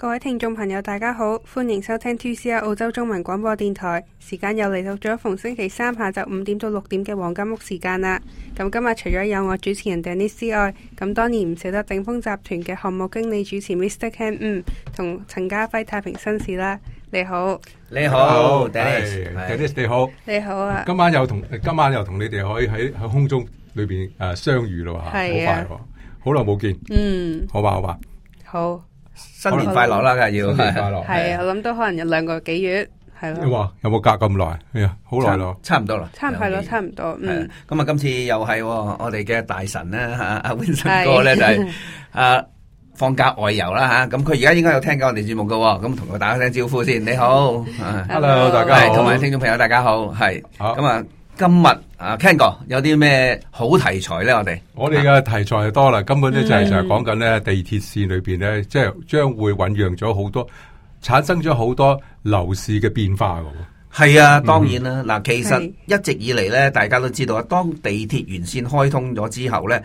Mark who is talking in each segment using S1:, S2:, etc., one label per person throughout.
S1: 各位聽眾朋友，大家好，歡迎收聽 TCL 澳洲中文廣播電台。時間又嚟到咗逢星期三下晝五點到六點嘅黃金屋時間啦。咁今日除咗有我主持人 Dennis 之外，咁當然唔少得鼎豐集團嘅項目經理主持 Mr. Ken，嗯，同陳家輝太平紳士啦。你好，你
S2: 好 d e n n i s 你好，你好啊。今晚又同今晚又同你哋可以喺喺空中裏邊誒、呃、相遇咯，吓好、啊、快、啊，好耐冇見。嗯好，好吧，好吧，好。新年快樂啦！梗係要新年快
S1: 樂係啊！我諗都可能有兩個幾月係咯。你話！
S2: 有冇隔咁耐？哎呀，好耐咯，
S3: 差唔多咯，差唔多咯，差唔多。係咁啊！今次又係我哋嘅大神咧吓，阿 Winson 哥咧就係啊放假外遊啦吓。咁佢而家應該有聽緊我哋節目噶。咁同佢打一聲招呼先。你好，Hello，大家好，同埋
S2: 聽眾朋友大家好，係咁啊。今日啊，Ken 哥有啲咩好題材咧？我哋我哋嘅題材就多啦，根本咧就係、是嗯、就係講緊咧地鐵線裏邊咧，即係將會醞釀咗好多，產生咗好多樓市嘅變化噶。係啊，當然啦。嗱、嗯，其實一直以嚟咧，大家都知道啊，是當地鐵延線
S3: 開通咗之後咧，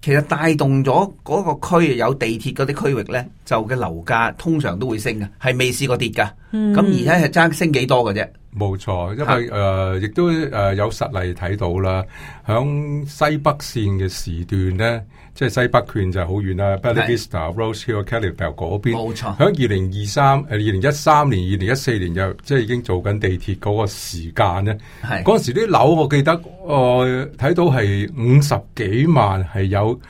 S3: 其實帶動咗嗰個區有地鐵嗰啲區域咧，
S2: 就嘅樓價通常都會升嘅，係未試過跌噶。咁、嗯、而且係爭升幾多嘅啫。冇錯，因為誒，亦的、呃、都誒有實例睇到啦。響西北線嘅時段咧，即係西北區就好遠啦 Bella Vista、Rouse Hill、Kellyville 嗰邊。冇錯、呃。響二零二三誒，二零一三年、二零一四年就即係已經做緊地鐵嗰個時間咧。係的。嗰陣時啲樓，我記得我睇、呃、到係五十幾萬有，係有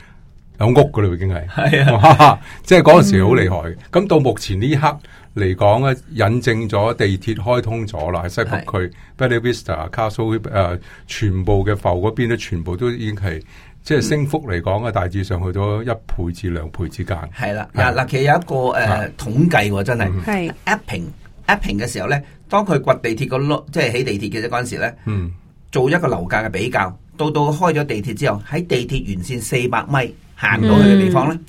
S2: 有屋噶啦，已經係。係啊的。 即係嗰陣時好厲害咁、嗯、到目前呢一刻。嚟講咧，引證咗地鐵開通咗啦，喺西北區是 Bella Vista Castle 誒、呃，全部嘅浮嗰邊咧，全部都已經係即係升幅嚟講、嗯、大致上去咗一倍至兩倍之間。係啦了，嗱嗱是、啊，其實有一個誒、呃、是統計喎，真係。係是。嗯、
S3: Epping Epping 嘅時候咧，
S2: 當佢掘地鐵個
S3: 路，即係起地鐵嘅啫嗰陣時咧，嗯，做一個樓價嘅比較，到到開咗地鐵之後，喺地鐵沿線四百米行到去嘅地方咧，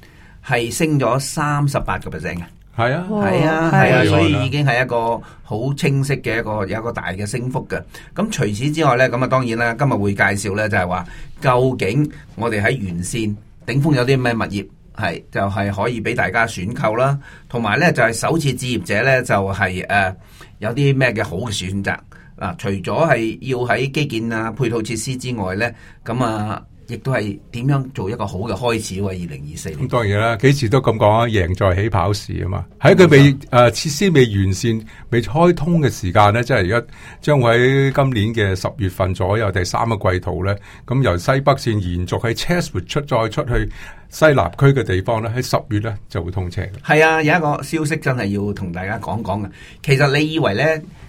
S3: 係、嗯、升咗三十八個 percent 嘅。係啊，係哇啊，係啊，所以、啊、已經係一個好清晰嘅一個有一個大嘅升幅嘅。咁除此之外呢，咁啊當然啦，今日會介紹呢就係、是、話，究竟我哋喺沿線鼎豐有啲咩物業係就係、是、可以俾大家選購啦，同埋呢，就係、是、首次置業者呢，就係、是、誒、呃、有啲咩嘅好嘅選擇嗱、呃。除咗係要喺基建啊配套設施之外呢。咁啊。亦都係點樣做一個好嘅開始喎？二零二四，
S2: 咁當然啦，幾時都咁講啊！贏在起跑時啊嘛，喺佢未誒設施未完善，未開通嘅時間呢，即係而家將會喺今年嘅十月份左右第三個季度呢，咁由西北線延續喺 Chatswood 出再出去西南區嘅地方呢，喺十月呢就會通車。
S3: 係啊，有一個消息真係要同大家講講嘅。其實你以為呢，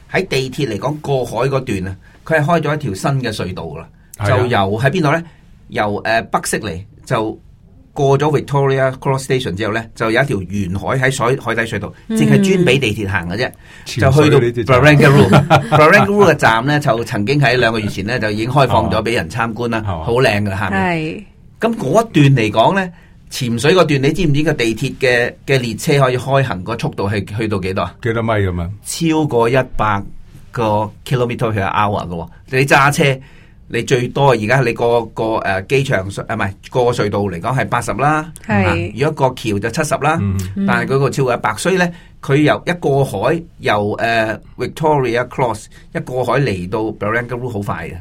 S3: 喺地鐵嚟講過海嗰段啊，佢係開咗一條新嘅隧道啦，就由喺邊度呢？由誒、呃、北悉尼就過咗 Victoria Cross Station 之後咧，就有一條沿海喺水海底隧道，淨係、嗯、專俾地鐵行嘅啫。的就去到 Barangaroo Barangaroo 嘅站咧，就曾經喺兩個月前咧就已經開放咗俾 人參觀啦，好靚噶嚇。係咁嗰一段嚟講咧，潛水嗰段你知唔知個地鐵嘅嘅列車可以開行個速度係去到幾多？幾多米咁啊？啊超過一百個 kilometre per hour 嘅喎，嗯、你揸車。你最多而家你個個誒機場隧啊，唔係，個隧道嚟講係八十啦，如果個橋就七十啦，嗯、但係嗰個超過一百，所以咧佢由一過海由誒、uh, Victoria Cross 一過海嚟到 Barangaroo 好快嘅。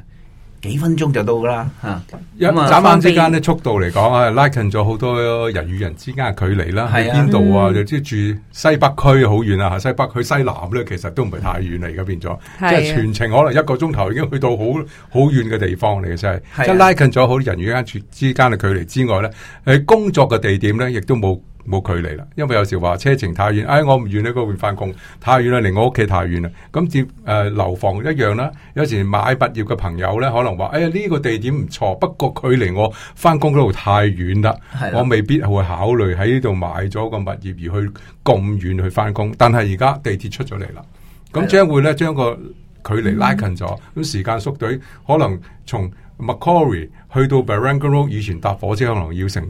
S3: 幾分鐘就到噶啦，吓，一眨眼之間咧，速度嚟講
S2: 啊，拉近咗好多人與人之間嘅距離啦。係啊，邊度啊，即係、嗯、住西北區好遠啊，吓，西北去西南咧，其實都唔係太遠嚟。而家變咗，即係、啊、全程可能一個鐘頭已經去到好好遠嘅地方嚟嘅，真係、啊。即係拉近咗好多人與人之之間嘅距離之外咧，喺工作嘅地點咧，亦都冇。冇距離啦，因為有時話車程太遠，哎，我唔願喺嗰邊翻工，太遠啦，離我屋企太遠啦。咁接誒、呃、樓房一樣啦，有時買物業嘅朋友咧，可能話：哎呀，呢、呢個地點唔錯，不過距離我翻工嗰度太遠啦，的我未必會考慮喺呢度買咗個物業而去咁遠去翻工。但係而家地鐵出咗嚟啦，咁將會咧，將個距離拉近咗，咁的時間縮短，可能從 Macquarie 去到 Barangaroo，以前搭火車可能要成。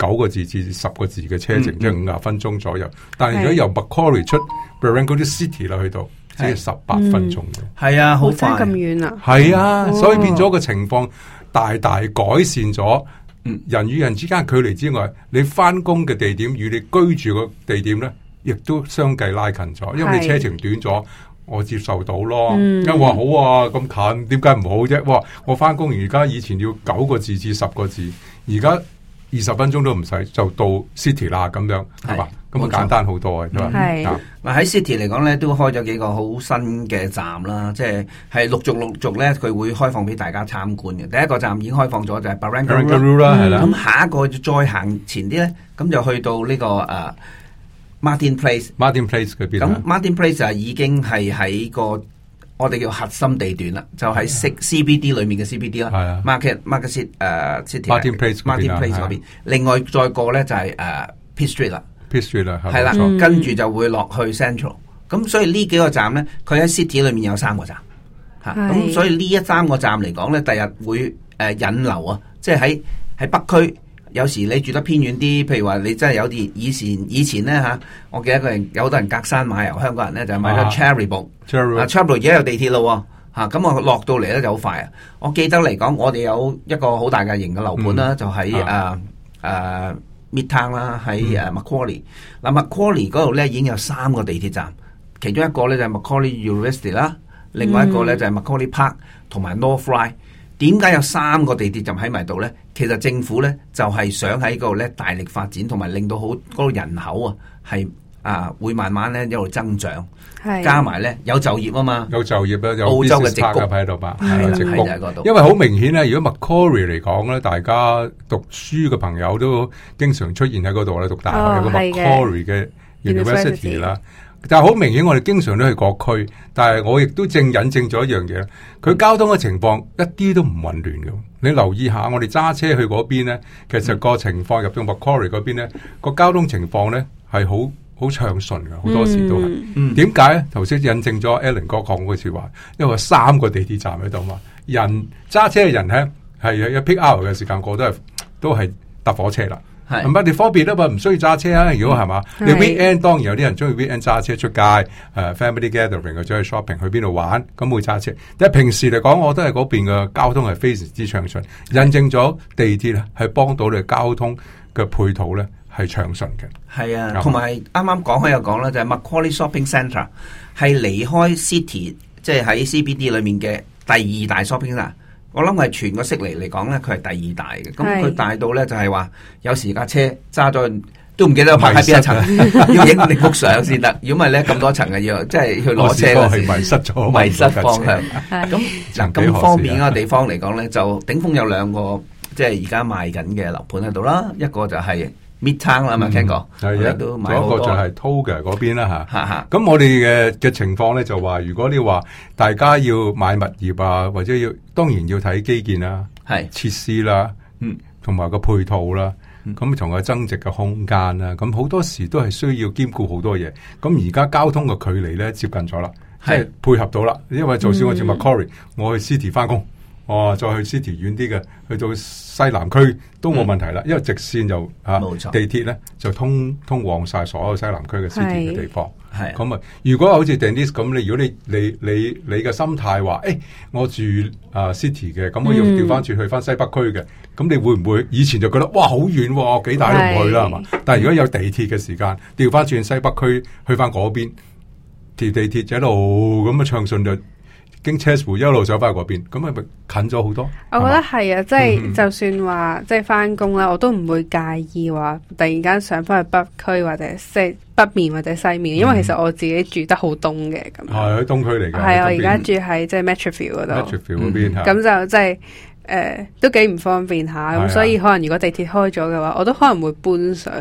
S2: 九個字至十個字嘅車程，嗯、即係五十分鐘左右。嗯、但係如果由 Macquarie 出 Barangaroo City 啦，去到、嗯、即係十八分鐘。係、嗯嗯、啊，好快咁
S1: 遠啊！係啊，是啊哦、所以變咗
S2: 個情況大大改善咗。嗯、人與人之間距離之外，你翻工嘅地點與你居住嘅地點咧，亦都相繼拉近咗。因為你車程短咗，我接受到咯。嗯、因話好啊，咁近，點解唔好啫？哇！我翻工而家以前要九個字至十個字，而家。二十分鐘都唔使就到 City 啦咁樣，係嘛是？咁簡單好多嘅，係嘛？嗱喺 City 嚟講咧，都開咗幾個
S3: 好新嘅站啦，即係係陸續陸續咧，佢會開放俾大家參觀嘅。第一個站已經開放咗，就係 Barangaroo 啦、嗯，係咁的下一個再行前啲咧，咁就去到呢、這個誒、uh, Martin Place。Martin Place 嗰邊。咁 Martin Place 就已經係喺個。我哋叫核心地段啦，就喺 CBD 裏面嘅 CBD 咯。Market Market City c i t y m a r k e t Place m a r k e t Place 另外再過咧就係誒 P Street 啦
S2: ，P Street 啦，係啦，嗯、跟
S3: 住就會落去 Central。咁所以呢幾個站咧，佢喺 City 裏面有三個站嚇。咁所以呢一三個站嚟講咧，第日會誒引流啊，即係喺喺北區。有時你住得偏遠啲，譬如話你真係有啲以前以前咧，我記得一個人有好多人隔山買牛，由香港人咧就買咗
S2: Cherrybrook，Cherrybrook 而家有地鐵咯
S3: 喎。咁、啊、我落到嚟咧就好快啊！我記得嚟講，我哋有一個好大嘅型嘅樓盤啦，嗯、就喺 Midtown 啦，喺 Macquarie、啊。嗱 Macquarie 嗰度咧已經有三個地鐵站，其中一個咧就係、是、Macquarie University 啦，另外一個咧、嗯、就係 Macquarie Park 同埋 North Ryde。點解有三個地鐵站喺埋度咧？其實政府咧就係、是、想喺嗰度咧大力發展，同埋令到好嗰、那個人口啊，係
S2: 啊會慢慢咧一路增長，的加埋咧有就業啊嘛，有就業有，就業有澳洲嘅職谷喺度吧，係啦，職谷喺度。的就是、因為好明顯咧，如果 Macquarie 嚟講咧，大家讀書嘅朋友都經常出現喺嗰度咧，讀大學、哦、有個 Macquarie 嘅 University 啦。的但係好明顯，我哋經常都去各區，但係我亦都正引證咗一樣嘢，佢交通嘅情況一啲都唔混亂嘅。你留意下，我哋揸車去嗰邊咧，其實個情況入到 Macquarie 嗰邊咧，個交通情況咧係好好暢順嘅，好多時都係。點解咧？頭先引證咗 Alan 哥講句說話，因為三個地鐵站喺度嘛，人揸車嘅人咧係有一 peak hour 嘅時間，過都係都係搭火車啦。咁乜你方便啊嘛？唔需要揸車啊！如果係嘛，嗯、你 weekend 當然有啲人中意 weekend 揸車出街、uh，family gathering 或者去 shopping 去邊度玩，咁會揸車。但平時嚟講，我都係嗰邊嘅交通係非常之暢順，印證咗地鐵係幫到你的交通嘅配套咧係暢順嘅。係啊，同埋
S3: 啱啱講開又講啦，就係、是、Macquarie Shopping Centre 係離開 City，即係喺 CBD 裏面嘅第二大 shopping centre 我諗係全個悉尼嚟講咧，佢係第二大嘅。咁佢大到咧就係話，有時架車揸咗都唔記得泊喺邊一層，失要影個幅相先得。如果唔係咧，咁多層嘅要，即係 去攞車啦。迷失咗迷失方向。咁嗱咁方便嘅地方嚟講咧，就頂峰有兩個，即係而家賣緊嘅樓盤喺度啦。一個就係、是。Midtown 啦，咪聽過？係啊，都仲一
S2: 個就係 Toga 嗰邊啦嚇。咁我哋嘅嘅情況咧，就話如果你話大家要買物業啊，或者要當然要睇基建啦、係是設施啦、嗯，同埋個配套啦，咁同個增值嘅空間啦，咁好多時都係需要兼顧好多嘢。咁而家交通嘅距離咧，接近咗啦，係是即配合到啦。因為就算我住 Macquarie，我去 City 翻工。哦，再去 City 遠啲嘅，去到西南區都冇問題啦，嗯、因為直線就嚇，啊、錯地鐵咧就通通往晒所有西南區嘅 City 嘅是地方。咁啊的，如果好似 Dennis 咁，你如果你你你你嘅心態話，誒、欸、我住啊 City 嘅，咁我要調翻轉去翻西北區嘅，咁、嗯、你會唔會以前就覺得哇好遠喎、啊，幾大都唔去啦，係嘛是？但係如果有地鐵嘅時間，調翻轉西北區去翻嗰邊，條地鐵一路咁嘅暢順到。經車士活一路走翻去嗰邊，咁係咪近咗好多？
S1: 我覺得係啊，即係就算話即係翻工啦，我都唔會介意話突然間上翻去北區或者即係北面或者西面，因為其實我自己住得好東嘅咁。
S2: 係喺東區嚟嘅。係啊，我而家住
S1: 喺即係 Metroville 嗰度。Metroville 嗰邊吓。咁就即係誒，都幾唔方便下咁，所以可能如果地鐵開咗嘅話，我都可能會搬上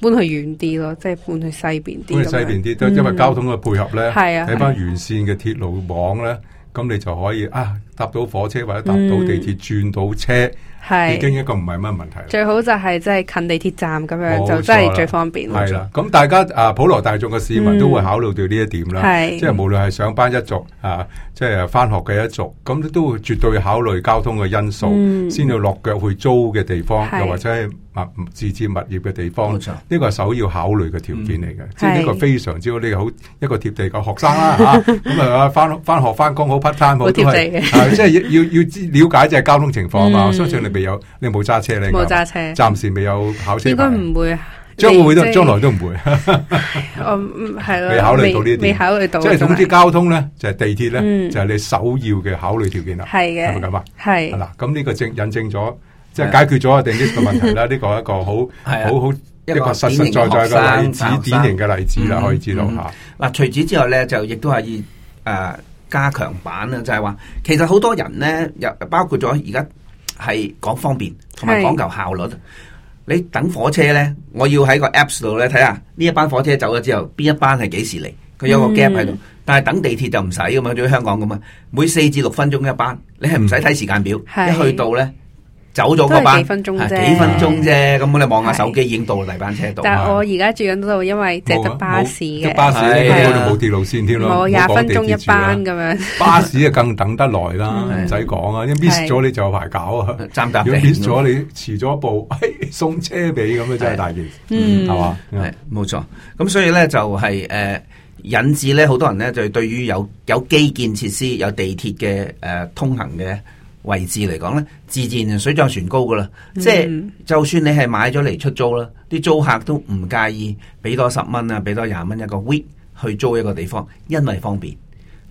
S1: 搬去遠啲咯，即係搬去西邊啲。搬去西邊啲，因為交通嘅配合咧，睇翻
S2: 完善嘅鐵路網咧。咁你就可以啊搭到火車或者搭到地鐵轉到車。嗯係已經一個唔係乜問題，
S1: 最好就係即係近地鐵站咁樣，就真係最方便。係啦，
S2: 咁大家啊普羅大眾嘅市民都會考慮到呢一點啦，即係無論係上班一族啊，即係翻學嘅一族，咁都會絕對考慮交通嘅因素，先要落腳去租嘅地方，又或者係物自置物業嘅地方。呢個係首要考慮嘅條件嚟嘅，即係呢個非常之好，呢個好一個貼地嘅學生啦吓。咁啊，翻翻學翻工好 part time 好都係即係要要知了解就係交通情況啊。我相信你。未有，你冇揸車咧？冇揸車，暫時未有考車。應該
S1: 唔會，將會會都將來都唔
S2: 會。我
S1: 係咯，未考慮到呢啲，未考慮到。即係總之，
S2: 交通咧就係地鐵咧，就係你首要嘅考慮條件啦。係嘅，係咪咁啊？係嗱，咁呢個證印證咗，即係解決咗我哋呢個問題啦。呢個一個好係好好一個實實在在嘅例子，典型嘅例子啦，可以知道
S3: 吓。嗱，除此之外咧，就亦都係誒加強版啦，就係話其實好多人咧，又包括咗而家。係講方便，同埋講求效率。是的 你等火車呢，我要喺個 Apps 度呢睇下呢一班火車走咗之後，邊一班係幾時嚟？佢有個 gap 喺度，嗯、但係等地鐵就唔使咁嘛。仲要香港咁啊，每四至六分鐘一班，你係唔使睇時間表，是的 一去到呢。走咗個班，係幾分鐘啫，咁你望下手機已經到第班車度。但係我
S1: 而家住緊嗰度，因為淨得巴
S2: 士嘅。巴士咧，佢嗰度冇鐵路線添咯，冇廿分鐘一班咁樣。巴士啊，更等得耐啦，唔使講啊，一 miss 咗你就有排搞啊，站搭。如果 miss 咗你遲咗一步，係送車俾咁樣，真係大件事，係嘛？係冇錯，咁所以
S3: 咧就係誒引致咧，好多人咧就對於有有基建設施、有地鐵嘅誒通行嘅。位置嚟講呢，自然水漲船高噶啦。即係就算你係買咗嚟出租啦，啲、嗯嗯、租客都唔介意俾多十蚊啊，俾多廿蚊一個 week 去租一個地方，因為方便，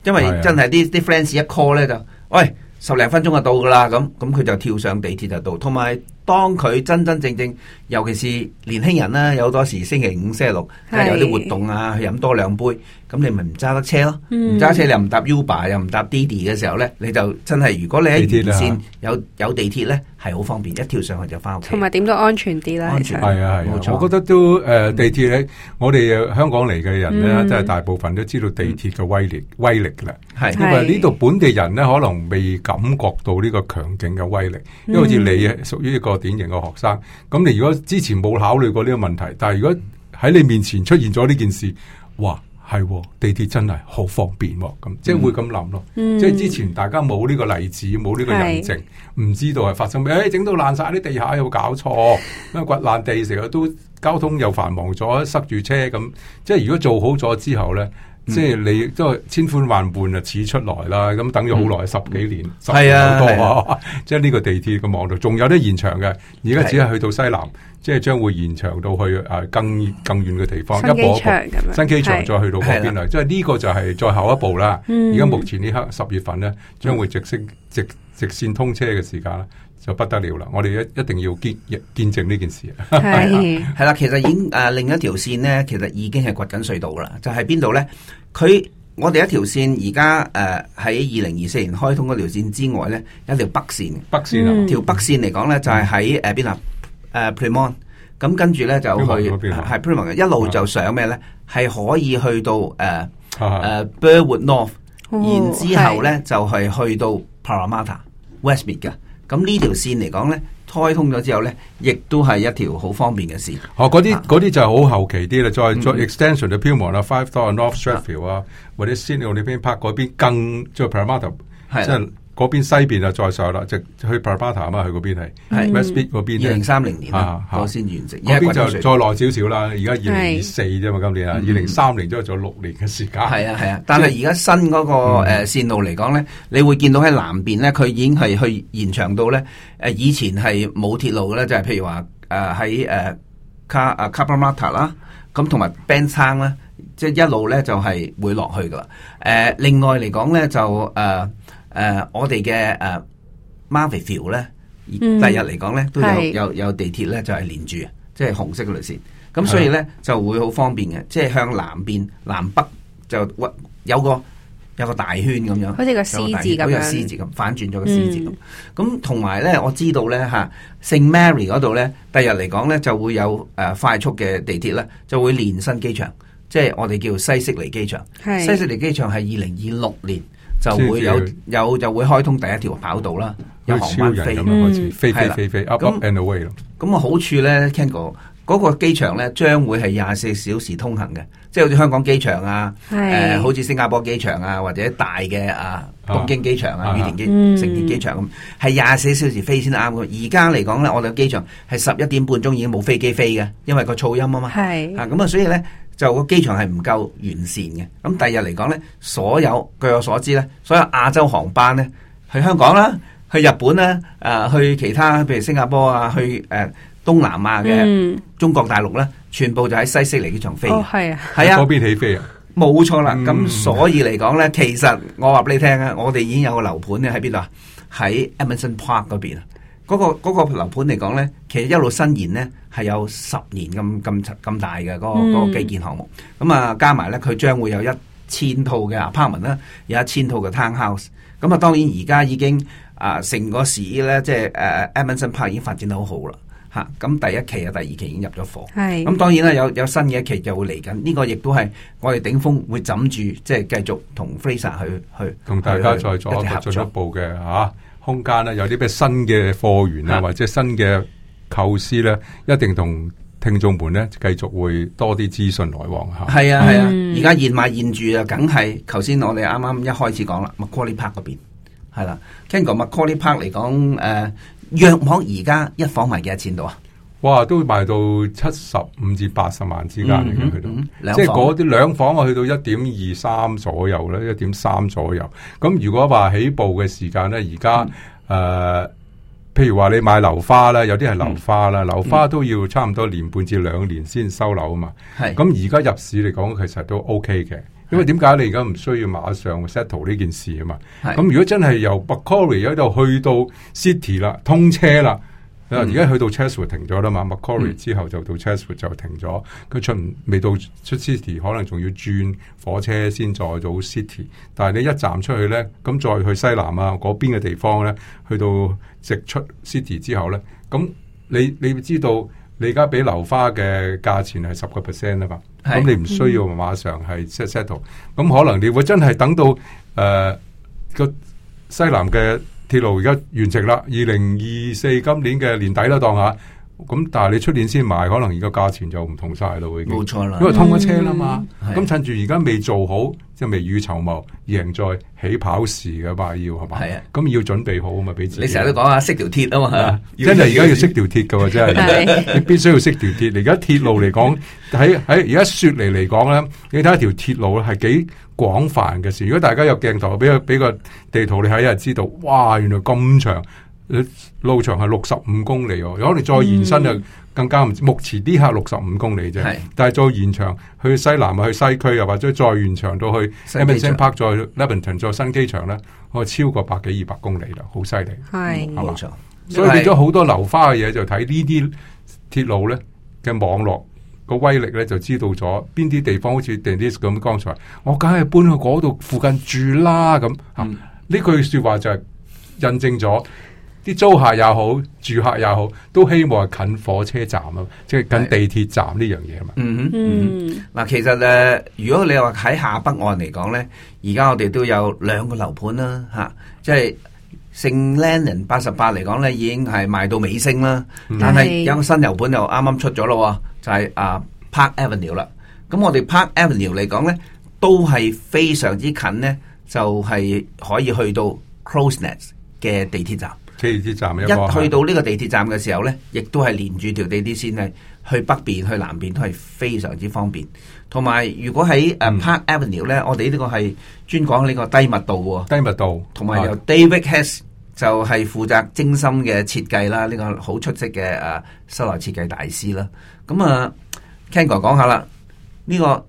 S3: 因為真係啲啲 friends 一 call 呢，就，喂，十零分鐘就到噶啦，咁咁佢就跳上地鐵就到，同埋。當佢真真正正，尤其是年輕人啦，有好多時星期五、星期六，有啲活動啊，去飲多兩杯，咁你咪唔揸得車咯？唔揸車你又唔搭 Uber 又唔搭 Didi 嘅時候咧，你就真係，如果你喺沿線有有地鐵咧，係好方便，一跳上去就
S2: 翻屋企。
S1: 同埋點都安全啲啦，
S2: 安全，係啊係，我覺得都誒地鐵咧，我哋香港嚟嘅人咧，真係大部分都知道地鐵嘅威力威力嘅啦，係因為呢度本地人咧可能未感覺到呢個強勁嘅威力，因為好似你啊，屬於一個。個典型嘅學生，咁你如果之前冇考慮過呢個問題，但係如果喺你面前出現咗呢件事，哇，係地鐵真係好方便，咁即係會咁諗咯。即係、嗯、之前大家冇呢個例子，冇呢、嗯、個印證，唔知道係發生咩，誒的，整到爛晒啲地下有冇搞錯，咁啊，掘爛地成日都交通又繁忙咗，塞住車咁。即係如果做好咗之後咧。即係你都千呼萬喚啊，始出來啦，咁等咗好耐，十幾年，十幾年好多啊！即係呢個地鐵嘅網度仲有啲延長嘅，而家只係去到西南，即係將會延長到去誒更更遠嘅地方。一步一步新機場再去到旁邊啊！即係呢個就係最後一步啦。而家目前呢刻十月份咧，將會直升直直線通車嘅時間啦。就不得了啦！我哋一一定要見見證呢件事。係
S3: 係啦，其實已經誒、啊、另一條線咧，其實已經係掘緊隧道啦。就係邊度咧？佢我哋一條線而家誒喺二零二四年開通嗰條線之外咧，一條北線。北線條、啊嗯嗯、北線嚟講咧，就係喺誒邊啊，誒 Pyrmont。咁跟住咧就去係、啊、Pyrmont，一路就上咩咧？係可以去到誒、啊、誒、啊、Burwood North，< 是的 S
S1: 2> 然之
S3: 後咧就係去到 Parramatta 是的 Westmead 嘅。咁呢條線嚟講呢，開通咗之後
S2: 呢，亦都係一條好方便嘅線。哦，嗰啲嗰啲就係好後期啲啦，再做、嗯、哼 extension 就 Pyrmont 啦，Five Dock、North Strathfield 啊，啊或者 Sydney Olympic Park 嗰邊更最 Parramatta 即係。就係就係嗰邊西邊啊，再上啦，即去 Parramatta 啊嘛，去嗰邊係，Westbit 嗰邊二零三零年啊，我先完成。嗰邊就再耐少少啦，啊、而家二零二四啫嘛，今年啊，二零三零都仲有六年嘅時間。係啊係啊，但係而家
S3: 新嗰個誒
S2: 線路嚟講咧，嗯、
S3: 你會見到喺南邊咧，佢已經係去延長到咧誒，以前係冇鐵路嘅咧，就係、是、譬如話誒喺誒卡啊 Cabramatta 啦，咁同埋 Bankstown 咧，即、就、係、是、一路咧就係、是、會落去噶啦。誒、啊，另外嚟講咧就誒。啊誒，uh, 我哋嘅誒 Marville 咧，
S2: 第、uh, 嗯、日嚟
S3: 講咧都有是有有地鐵咧，就係、是、連住、就是的，即係紅色嘅路線。咁所以咧就會好方便嘅，即係向南邊南北就屈有個有個大圈咁樣，好似個 C 字咁，個 C 字咁反轉咗個 C 字咁。咁同埋咧，我知道咧吓，聖 Mary 嗰度咧，第日嚟講咧就會有誒、呃、快速嘅地鐵咧，就會連新機場，即、就、係、是、我哋叫西悉尼機場。是西悉尼機場係二零二六年。就會有有就會開通第一條跑道啦，有航班飛，開始嗯、飛飛飛飛 up and away 咯。咁啊，好處咧，Ken 哥，嗰、那個機場咧將會係廿四小時通行嘅，即係好似香港機場啊，誒是、呃，好似新加坡機場啊，或者大嘅啊，東京機場啊，羽田機場機、啊啊、成田機場咁，係廿四小時飛先啱。而家嚟講咧，我哋機場係十一點半鐘已經冇飛機飛嘅，因為個噪音啊嘛，係啊是，咁啊，所以咧。就個機場係唔夠完善嘅，咁第二日嚟講呢，所有據我所知呢，所有亞洲航班呢，去香港啦，去日本啦，誒、呃，去其他譬如新加坡啊，去誒、呃、東南亞嘅中國大陸呢，嗯、全部就喺西悉尼機場飛，係啊，喺嗰邊起飛啊，冇錯啦。咁所以嚟講呢，其實我話俾你聽啊，我哋已經有個樓盤呢喺邊度啊，喺 Emerson Park 嗰邊啊。嗰、那個嗰、那個樓盤嚟講咧，其實一路伸延咧係有十年咁咁咁大嘅嗰、那個那個基建項目。咁啊、嗯、加埋咧，佢將會有一千套嘅 apartment 啦，有一千套嘅 townhouse。咁啊當然而家已經啊成、呃、個市咧，即係誒、呃、Edmondson Park 已經發展得好好啦嚇。咁、啊、第一期啊，第二期已經入咗貨。係是。咁當然咧，有有新嘅一期就會嚟緊。呢、這個亦都係我哋鼎豐會枕住，即、就、係、是、繼續同 Frasers 去去同大家再再踏進一,一
S2: 步嘅嚇。空間咧有啲咩新嘅貨源啊，或者新嘅構思咧，一定同聽眾們咧繼續會多啲資訊來往吓。係啊係啊，而家現賣現
S3: 住啊，梗係、嗯。頭
S2: 先我哋啱啱一開始講啦 Macquarie Park 嗰邊
S3: 係啦、啊，聽講 Macquarie Park 嚟講誒，約房而家一房賣幾多錢到啊？
S2: 哇！都賣到七十五至八十萬之間嚟嘅、嗯嗯、去到即係嗰啲兩房啊，去到一點二三左右咧，一點三左右。咁如果話起步嘅時間咧，而家誒，譬如話你買樓花啦，有啲係樓花啦，嗯、樓花都要差唔多年半至兩年先收樓啊嘛。係咁而家入市嚟講，其實都 OK 嘅，因為點解你而家唔需要馬上 settle 呢件事啊嘛？咁是如果真係由 Macquarie 喺度去到 City 啦，通車啦。而家、嗯、去到 Chatswood 停咗啦嘛，Macquarie 之後就到 Chatswood 就停咗。佢、嗯、出未到出 City 可能仲要轉火車先再到 City。但係你一站出去咧，咁再去西南啊嗰邊嘅地方咧，去到直出 City 之後咧，咁你你知道，你而家俾樓花嘅價錢係十個 percent 啦嘛。咁是你唔需要馬上係 set settle、嗯。咁可能你會真係等到誒個、呃、西南嘅。鐵路而家完成啦，二零二四今年嘅年底啦，當下。咁、嗯、但係你出年先買，可能而家價錢就唔同晒咯，已經。冇錯啦，因為通咗車啦嘛。咁趁住而家未做好，即係未雨綢繆，贏在起跑時嘅嘛，要係嘛？係啊，咁、啊、要準備好啊嘛，俾自己。你成日都
S3: 講下識條鐵啊嘛，啊要真係而家要識條鐵噶，真係，你必
S2: 須要識條鐵。而家鐵路嚟講，喺喺而家雪梨嚟講咧，你睇一條鐵路咧係幾廣泛嘅事。如果大家有鏡頭，俾個俾個地圖，你睇下知道，哇，原來咁長。路長係六十五公里，如果你再延伸就更加唔知。唔、嗯、目前呢下六十五公里啫，是但係再延長去西南、去西區，又或者再延長到去 Edmondson Park 再 Leppington 再新機場咧，我超過百幾二百公里啦，好犀利。係冇錯，吧錯所以變咗好多流花嘅嘢就睇呢啲鐵路咧嘅網絡個威力咧，就知道咗邊啲地方好似 Dennis 咁。剛才我梗係搬去嗰度附近住啦，咁呢、嗯啊、句說話就係印證咗。啲租客又好，住客又好，都希望近火車站啊，即係近地鐵站呢樣嘢嘛。
S3: 嗯嗯，嗱，其實咧，如果你話喺下北岸嚟講咧，而家我哋都有兩個樓盤啦，吓、啊，即係聖 l e n n 八十八嚟講咧，已經係賣到尾聲啦。嗯、哼但係有個新樓盤又啱啱出咗咯，就係、是、啊 Park Avenue 啦。咁我哋 Park Avenue 嚟講咧，都係非常之近咧，就係、是、可以去到 c r o s n e t 嘅地鐵站。地鐵站一，一去到呢個地鐵站嘅時候呢，亦都係連住條地鐵線咧，去北邊、去南邊都係非常之方便。同埋，如果喺誒 Park Avenue 呢，嗯、我哋呢個係專講呢個低密度嘅，低密度。同埋由 David Hess 就係負責精心嘅設計啦，呢、啊、個好出色嘅誒室內設計大師啦。咁啊，Ken 哥講下啦，呢、這個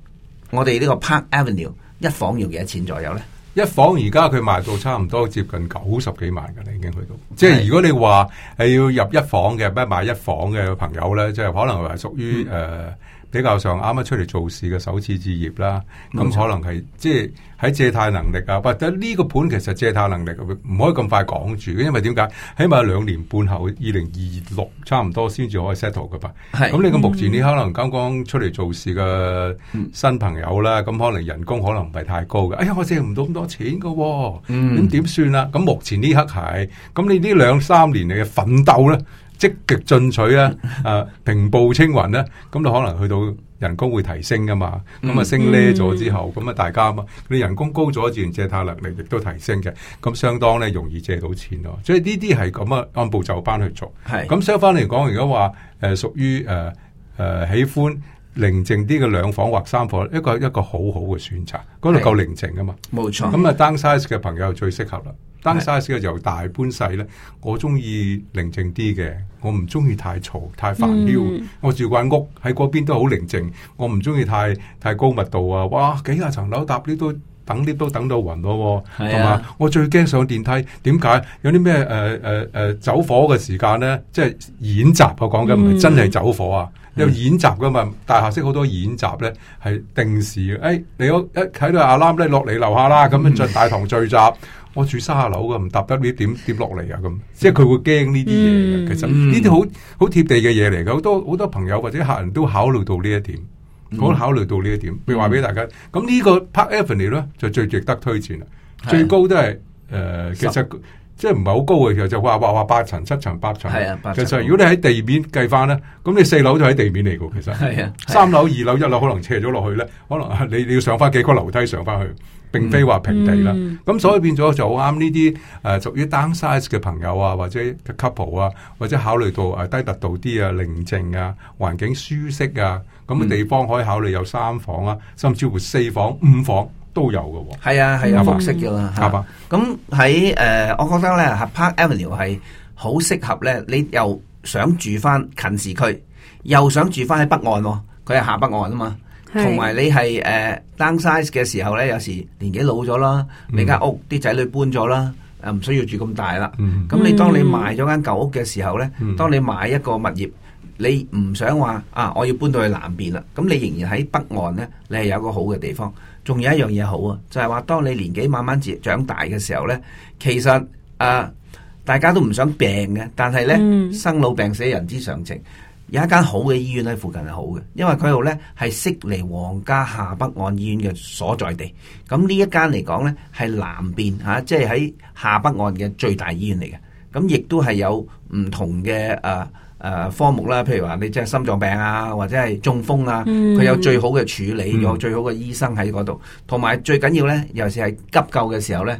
S3: 我哋呢個 Park Avenue 一房要幾多錢左右呢？
S2: 一房而家佢賣到差唔多接近九十幾萬㗎啦，你已經去到。
S3: 即係如果你
S2: 話係要入一房嘅、咩買一房嘅朋友呢，即係可能係屬於誒。嗯比較上啱啱出嚟做事嘅首次置業啦，咁可能係錯即係喺借貸能力啊，或者呢個盤其實借貸能力唔可以咁快講住，因為點解？起碼兩年半後，二零二六差唔多先至可以 settle 㗎吧。咁是你個目前你可能剛剛出嚟做事嘅新朋友啦，咁、嗯、可能人工可能唔係太高嘅。哎呀，我借唔到咁多錢喎。咁點算啦？咁目前呢刻係，咁你呢兩三年嚟嘅奮鬥咧？積極進取啊！啊，平步青雲，咧，咁你可能去到人工會提升噶嘛，咁啊升呢咗之後，咁啊、嗯嗯、大家嘛，啲人工高咗自然借貸能力亦都提升嘅，咁相當咧容易借到錢咯。所以呢啲係咁啊，按部就班去做。係咁是相反嚟講，而家話誒屬於誒誒、呃呃、喜歡。寧靜啲嘅兩房或三房，一個一個好好嘅選擇。嗰度夠寧靜啊嘛，冇錯錯。咁啊，downsize 嘅朋友最適合啦。down< 的 >size 嘅由大搬細咧，我中意寧靜啲嘅，我唔中意太嘈太煩囂、嗯。我住慣屋喺嗰邊都好寧靜，我唔中意太太高密度啊！哇，幾廿層樓搭 𨋢 都等 𨋢 都等到暈咯、啊，同埋、啊、我最驚上電梯，點解有啲咩誒誒誒走火嘅時間咧？即係演習啊，講緊唔係真係走火啊！有演習噶嘛？大學識好多演習咧，係定時的。誒、哎，你好一喺度阿 l 咧落嚟樓下啦，咁樣進大堂聚集。 我住三樓噶，唔搭得呢點點落嚟啊！咁即係佢會驚呢啲嘢。嗯、其實呢啲好好貼地嘅嘢嚟嘅，好多好多朋友或者客人都考慮到呢一點，好、嗯、考慮到呢一點。譬如話俾大家，咁呢、嗯、個 Park Avenue 咧就最值得推薦啦，最高都係誒、啊呃，其實。即係唔係好高嘅，其實就話話話八層、七層、八層。是啊、八層其實如果你喺地面計翻咧，咁你四樓就喺地面嚟噶。其實係啊，啊三樓、二樓、一樓可能斜咗落去咧，可能你你要上翻幾個樓梯上翻去，並非話平地啦。咁、嗯、所以變咗就好啱呢啲誒，屬於 downsize 嘅朋友啊，或者 couple 啊，或者考慮到誒低密度啲啊、寧靜啊、環境舒適啊，咁、那、嘅、個、地方可以考慮有三房啊，甚至乎四房、五房。都有嘅喎，係啊，係啊，複式嘅啦嚇。咁喺
S3: 誒，我覺得咧，Park Avenue 係好適合咧。你又想住翻近市區，又想住翻喺北岸、哦，佢係下北岸啊嘛。
S2: 同埋是
S3: 你係誒、呃、downsize 嘅時候咧，有時年紀老咗啦，嗯、你間屋啲仔女搬咗啦，唔需要住咁大啦。咁、嗯、你當你買咗間舊屋嘅時候咧，嗯、當你買一個物業，你唔想話啊，我要搬到去南邊啦，咁你仍然喺北岸咧，你係有一個好嘅地方。仲有一樣嘢好啊，就係、是、話當你年紀慢慢接長大嘅時候呢，其實啊，大家都唔想病嘅，但係呢，嗯、生老病死人之常情，有一間好嘅醫院喺附近係好嘅，因為佢度呢係悉尼皇家下北岸醫院嘅所在地。咁呢一間嚟講呢，係南邊吓，即係喺下北岸嘅最大醫院嚟嘅。咁亦都係有唔同嘅誒。啊誒、呃、科目啦，譬如話你即係心臟病啊，或者係中風啊，佢、嗯、有最好嘅處理，有最好嘅醫生喺嗰度，同埋、嗯、最緊要呢，尤其係急救嘅時候呢。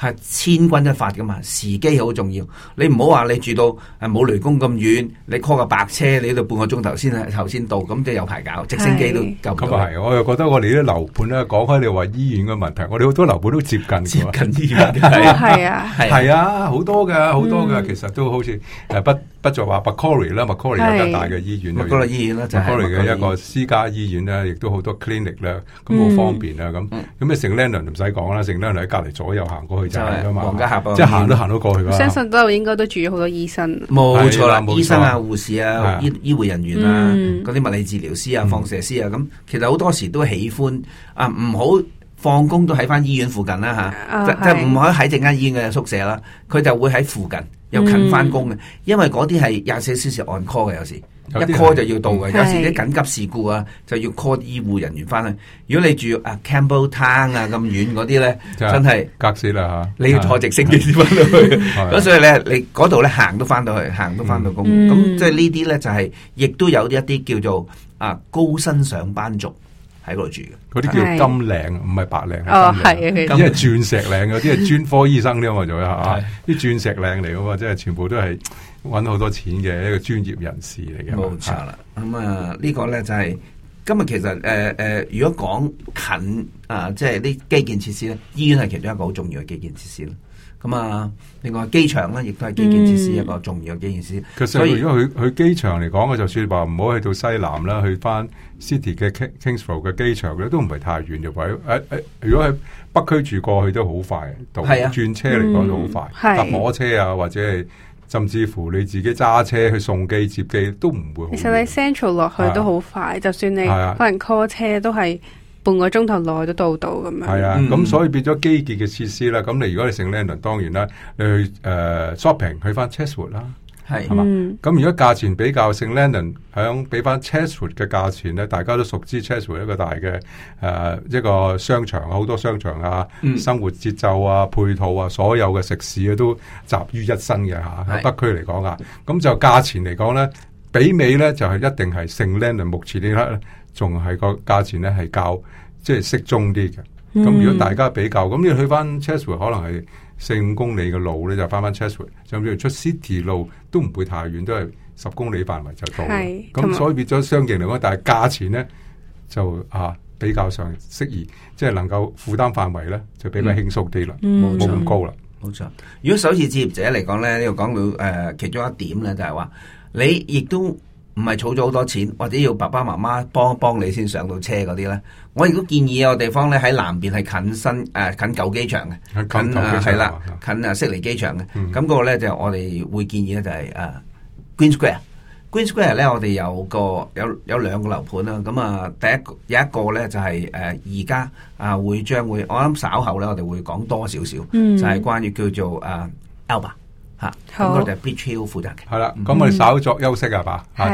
S3: 係千鈞一髮㗎嘛，時機好重要。你唔好話你住到係冇雷公咁遠，你 call 個白
S2: 車，你喺度半個鐘頭先頭先到，咁即係有排搞。直升機都夠。咁啊係，我又覺得我哋啲樓盤咧，講開你話醫院嘅問題，我哋好多樓盤都接近。接近醫院
S1: 係啊，係啊，
S2: 好多嘅，好多嘅，其實都好似誒不不，在話 Macquarie 啦，Macquarie 有間大嘅醫院，麥閣立醫院啦，就係 Macquarie 嘅一個私家醫院啦，亦都好多 clinic 啦，咁好方便啊，咁咁咩，St Leonards 就唔使講啦，St Leonards 喺隔離左右行過去。就係王家俠，即係行都行到過去噶。相
S1: 信都應該都住咗好多醫生。
S2: 冇錯啦，醫生啊、護士啊、是啊
S3: 醫醫護人員啊，嗰啲、嗯、物理治療師啊、放射、嗯、師啊，咁其實好多時都喜歡啊，唔好放工都喺翻醫院附近啦、啊、吓，即即係唔可以喺正間醫院嘅宿舍啦，佢就會喺附近。又近翻工嘅，因為嗰啲係廿四小時按 call 嘅，有時有一 call 就要到嘅。是有時啲緊急事故啊，就要 call 啲醫護人員翻去。如果你住啊 Campbell Town 啊咁遠嗰啲咧，就是、真係是隔死啦嚇！你要坐直升機先翻到去。咁所以咧，你嗰度咧行都翻到去，行都翻到工。咁即係呢啲咧就係、是，亦都有一啲叫做啊高薪上班族。喺嗰度住嘅，嗰啲叫金
S2: 領，唔係的白領，是金領哦係，因為鑽石領有啲係專科醫生啫嘛，仲有啊啲鑽石領嚟噶嘛，即、就、係、是、全部都係揾好多錢嘅一個專業人士嚟嘅。冇錯啦，咁啊的、嗯這個、呢個咧就係、是、今日其實誒誒、呃呃，如果講
S3: 近啊、呃，即係啲基建設施咧，醫院係其中一個好重要嘅基建設施。咁啊，另外機場咧，亦都係基建設施，一個重要嘅基建設施、嗯、以其實如果去
S2: 去機場嚟講嘅，就算話唔好去到西南啦，去翻 City 嘅 Kingsford 嘅機場咧，都唔係太遠嘅、哎哎、如果喺北區住過去都好快，到、啊、轉車嚟講都好快，搭火、嗯、車啊，或者係甚至乎你自己揸車去送機接機都唔會。其實你
S1: Central 落去都好快，啊、就算你可能 call 車都係。半個鐘頭內都到到咁樣，係啊，
S2: 咁、嗯、所以變咗基建嘅設施啦。咁你、嗯、如果你聖 Leonards 當然啦，你去誒、uh, shopping 去翻 Chatswood 啦，
S1: 係嘛吧。
S2: 咁、嗯、如果價錢比較聖 Leonards 響俾翻 Chatswood 嘅價錢咧，大家都熟知 Chatswood 一個大嘅誒、uh, 嗯、一個商場，好多商場啊，嗯、生活節奏啊，配套啊，所有嘅食肆、啊、都集於一身嘅吓。是北區嚟講啊，咁就價錢嚟講咧，比美咧就係一定係聖 Leonards 目前呢刻。仲係個價錢咧係較即係適中啲嘅，咁、嗯、如果大家比較，咁你去翻 Chatswood 可能係四五公里嘅路咧就翻翻 Chatswood，甚至乎出 City 路都唔會太遠，都係十公里範圍就到啦。咁所以變咗，相應嚟講，但係價錢咧就啊比較上適宜，即、就、係、是、能夠負擔範圍咧就比較輕鬆啲啦，冇咁高啦。冇錯。
S3: 如果首次置業者嚟講咧，又、這、講、個、到誒、呃、其中一點咧，就係、是、話你亦都。唔係儲咗好多錢，或者要爸爸媽媽幫一幫你先上到車嗰啲咧。我如果建議有個地方咧，喺南邊係近新誒、啊、近舊機場嘅，近係啦，近啊悉尼機場嘅。咁嗰個咧就我哋會建議咧就係、是、誒、啊、Green Square。Green Square 咧我哋有個有有兩個樓盤啦。咁啊第一有一個咧就係誒而家啊，啊會將會我諗稍後咧我哋會講多少少，嗯、就係關於叫做誒 Alba。啊吓，應該就係 b i h 負責嘅。係啦，咁、嗯、我哋稍作休息係吧，下吧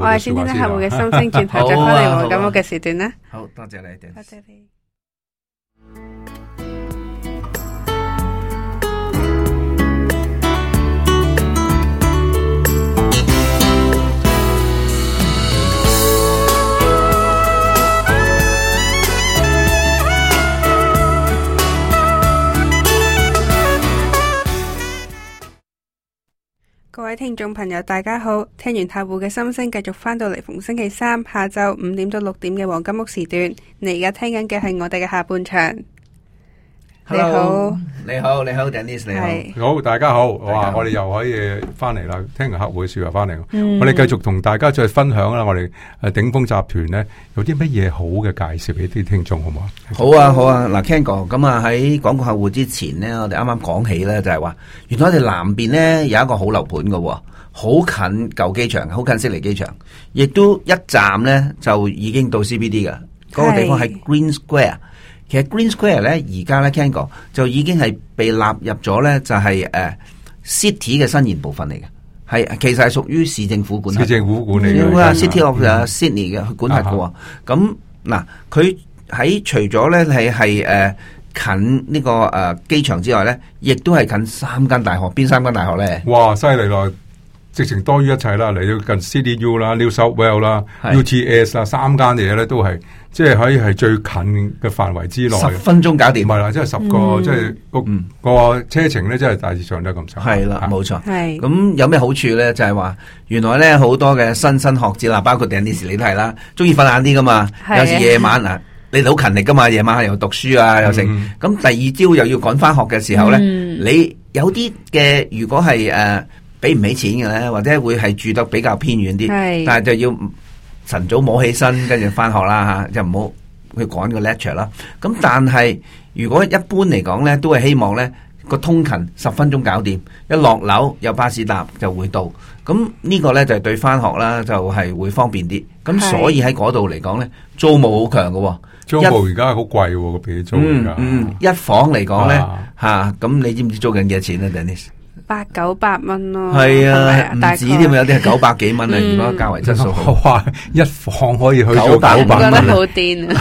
S3: 我先聽下客戶嘅心聲，轉頭再返嚟我哋黃金屋
S1: 嘅時段啦。
S3: 好多謝你哋，多謝你。
S1: 各位聽眾朋友，大家好！聽完客戶嘅心聲，繼續返到嚟，逢星期三下晝五點到六點嘅黃金屋時段，你而家聽緊嘅係我哋嘅下半場。Hello,
S3: 你好，你好，你好 Dennis
S2: 你好，Denise, 你好，是大家好，哇， 我哋又可以翻嚟啦，聽客戶說話翻嚟，我哋繼續同大家再分享啦，我哋誒頂峰集團咧有啲乜嘢好嘅介紹俾啲聽眾，好唔好啊？好啊，好啊，嗱
S3: Ken 哥咁啊喺廣告客戶之前咧，我哋啱啱講起咧就係話，原來我哋南邊咧有一個好樓盤喎，好近舊機場，好近悉尼機場，亦都一站咧就已經到 CBD 㗎。嗰、嗰個地方喺 Green Square。其實 Green Square 咧，而家咧 c a n g 就已經係被納入咗咧，就係誒、啊、City 嘅伸延部分嚟嘅，係其實係屬於市政府管理。市政府管理嘅。啊啊、City of Sydney 嘅管轄嘅喎。咁、啊、嗱，佢喺、啊啊、除咗咧係係誒近呢個誒、啊、機場之外咧，亦都係近三間大學。邊三間大學咧？
S2: 哇！犀利咯，直情多於一切啦！嚟到近 Sydney U 啦、啊、New South Wales、well, 啦、啊、是 UTS 啦、啊，三間嘢咧都係。即係可以係最近嘅範圍之內，十分鐘搞掂。唔係啦，即係十個，嗯、即係個個車程咧，即係、嗯、大致上都係咁上下。係啦，冇錯。係咁的有咩好處咧？就係、是、話原來咧好多嘅
S3: 新生學子啦，包括 Daniel 你都係啦，中意瞓晏啲噶嘛？的有時夜晚嗱，你好勤力噶嘛？夜晚又讀書啊，有剩的。咁、嗯、第二朝又要趕翻學嘅時候咧，嗯、你有啲嘅如果係誒俾唔起錢嘅咧，或者會係住得比較偏遠啲，是的但係就要。晨早摸起身，跟住翻學啦吓、 啊，就唔好去趕個 lecture 啦。咁但係如果一般嚟講咧，都係希望咧個通勤十分鐘搞掂，一落樓有巴士搭就會到。咁呢個咧就對翻學啦，就係、是、會方便啲。咁所以喺嗰度嚟講咧，租務好強喎、啊。是一租務而家係好貴喎個俾租。嗯嗯，一房嚟講咧咁、啊啊、你知唔知租緊幾多錢
S2: 咧、啊、Denis？
S1: 八九百蚊咯，係啊，唔止添啊，有啲係九百幾蚊啊，如果價
S2: 位質素哇！一房可以去到九百蚊我覺得好癲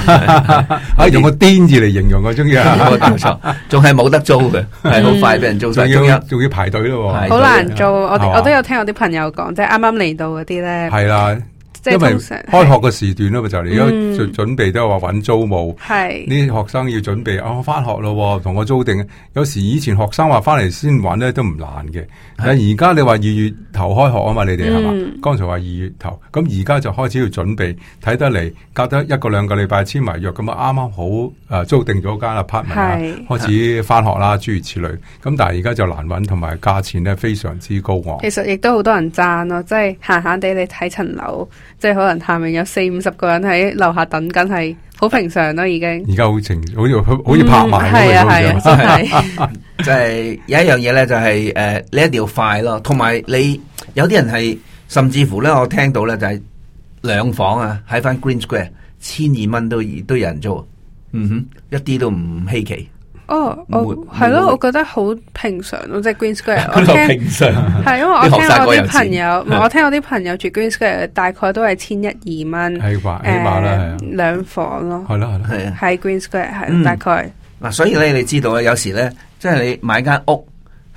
S2: 啊！可以用個癲字嚟形容我中意啊，冇錯，仲係冇得租嘅，係好快俾人租仲要仲要排隊咯，好難租。我我都
S1: 有聽我啲朋友講，即係啱啱嚟到嗰啲咧，係
S2: 啦。因為開學嘅時段啦，嘛是，就你而家就準備都係話揾租務，係呢啲學生要準備。哦、啊，翻學咯，同我租定。有時以前學生話翻嚟先揾咧，都唔難嘅。是但係而家你話二月頭開學啊嘛，你哋係嘛？剛吧、嗯、才話二月頭，咁而家就開始要準備，睇得嚟隔得一個兩個禮拜簽埋約，咁啊啱啱好誒租定咗間 apartment 開始翻學啦，諸如此類。咁但係而家就難揾，同埋價錢咧非常之高昂。其實
S1: 亦都好多人讚咯，即係閒閒地你睇層樓。即係可能下面有四五十個人喺樓下等緊，係好平常咯、啊，已經。
S2: 而家好情，好似好似拍賣咁嘅咁樣。真係 ，
S3: 就係有一樣嘢咧，就係誒，你一定要快咯。同埋你有啲人係甚至乎咧，我聽到咧就係、是、兩房啊，喺翻 Green Square 千二蚊都都有人租， 嗯哼，一啲都唔稀奇。
S1: 哦，我係咯，我覺得好平常咯，即係 green square。我聽係，因為我聽我啲朋友，我聽我啲朋友住 green square，大概都係千一二蚊，係啩，起碼啦兩房咯，係咯係咯，係 green square 係大概。
S3: 嗱，所以咧，你知道咧，有時咧，即係你買間屋。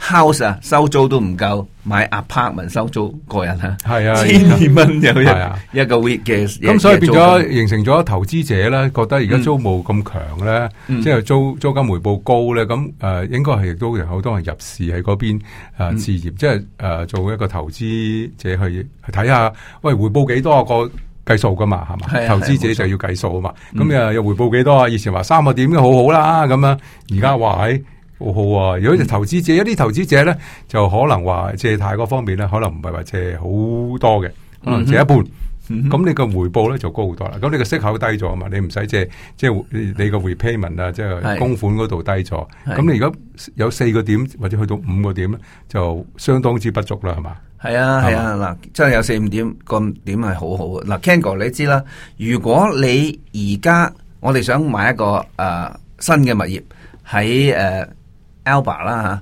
S3: house 啊，收租都唔夠，買 apartment 收租個人啊，係啊，千二蚊有一一個 week 嘅，咁所以變咗
S2: 形成咗投資者咧，覺得而家租務咁強咧，即係租租金回報高咧，咁誒，應該係亦都有好多人入市喺嗰邊啊置業，即係誒做一個投資者去去睇下，喂回報幾多個計數噶嘛，係嘛，投資者就要計數啊嘛，咁啊又回報幾多啊？以前話三個點都好好啦，咁啊，而家話喺。好好啊！如果只投資者，有啲投資者咧，就可能話借貸嗰方面咧，可能唔係話借好多嘅，可能、嗯、哼借一半。咁、嗯、哼你個回報咧就高好多啦。咁你個息口低咗啊嘛，你唔使借，即、就、係、是、你個回 payment 啊、嗯，即係供款嗰度低咗。咁、嗯、你而家有四個點或者去到五個點咧，就相當之不足、啊啊、吧啦，係嘛？係啊，係啊，嗱，真係有四五點、那個
S3: 點係好好嗱，Ken 哥你知啦，如果你而家我哋想買一個誒、呃、新嘅物業喺誒。呃 Alba 啦吓，ba，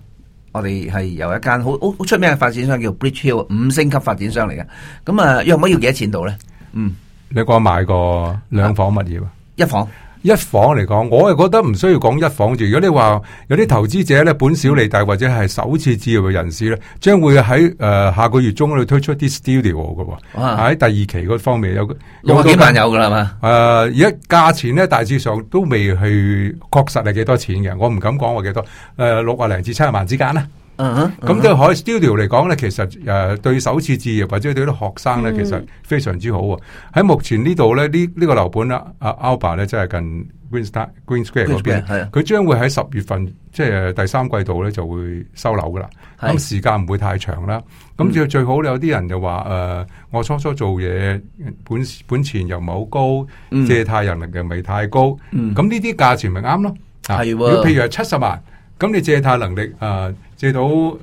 S3: 我哋係有一間好好出名嘅發展商叫 Bridge Hill，五星級發展商嚟嘅。咁啊，有冇要幾多錢到咧？
S2: 嗯，你講買個兩房物業啊？一房。一房嚟講，我係覺得唔需要講一房住。如果你話有啲投資者咧，本小利大或者係首次置業嘅人士咧，將會喺誒、呃、下個月中去推出啲 studio 嘅，喺哇第二期嗰方面有，有六十幾萬有噶啦嘛。誒、呃，而家價錢咧大致上都未去確實係幾多錢嘅，我唔敢講話幾多。誒、呃，六十零至七十萬之間啦。咁即係海 studio 嚟講咧，其實誒、呃，對首次置業或者對啲學生咧，其實非常之好喺、哦、目前呢度咧，這個樓啊、ba, 呢呢個樓盤啦，阿 Alba 咧，即係近 Green Star Green Square、Green Square 嗰邊，佢將會喺十月份，即係第三季度咧，就會收樓噶啦。咁的時間唔會太長啦。咁最最好有啲人就話誒、uh huh. 呃，我初初做嘢，本本錢又唔係好高，uh huh. 借貸能力又未太高。咁呢啲價錢咪啱咯？係、啊、的如果譬如係七十萬，咁你借貸能力誒？呃借到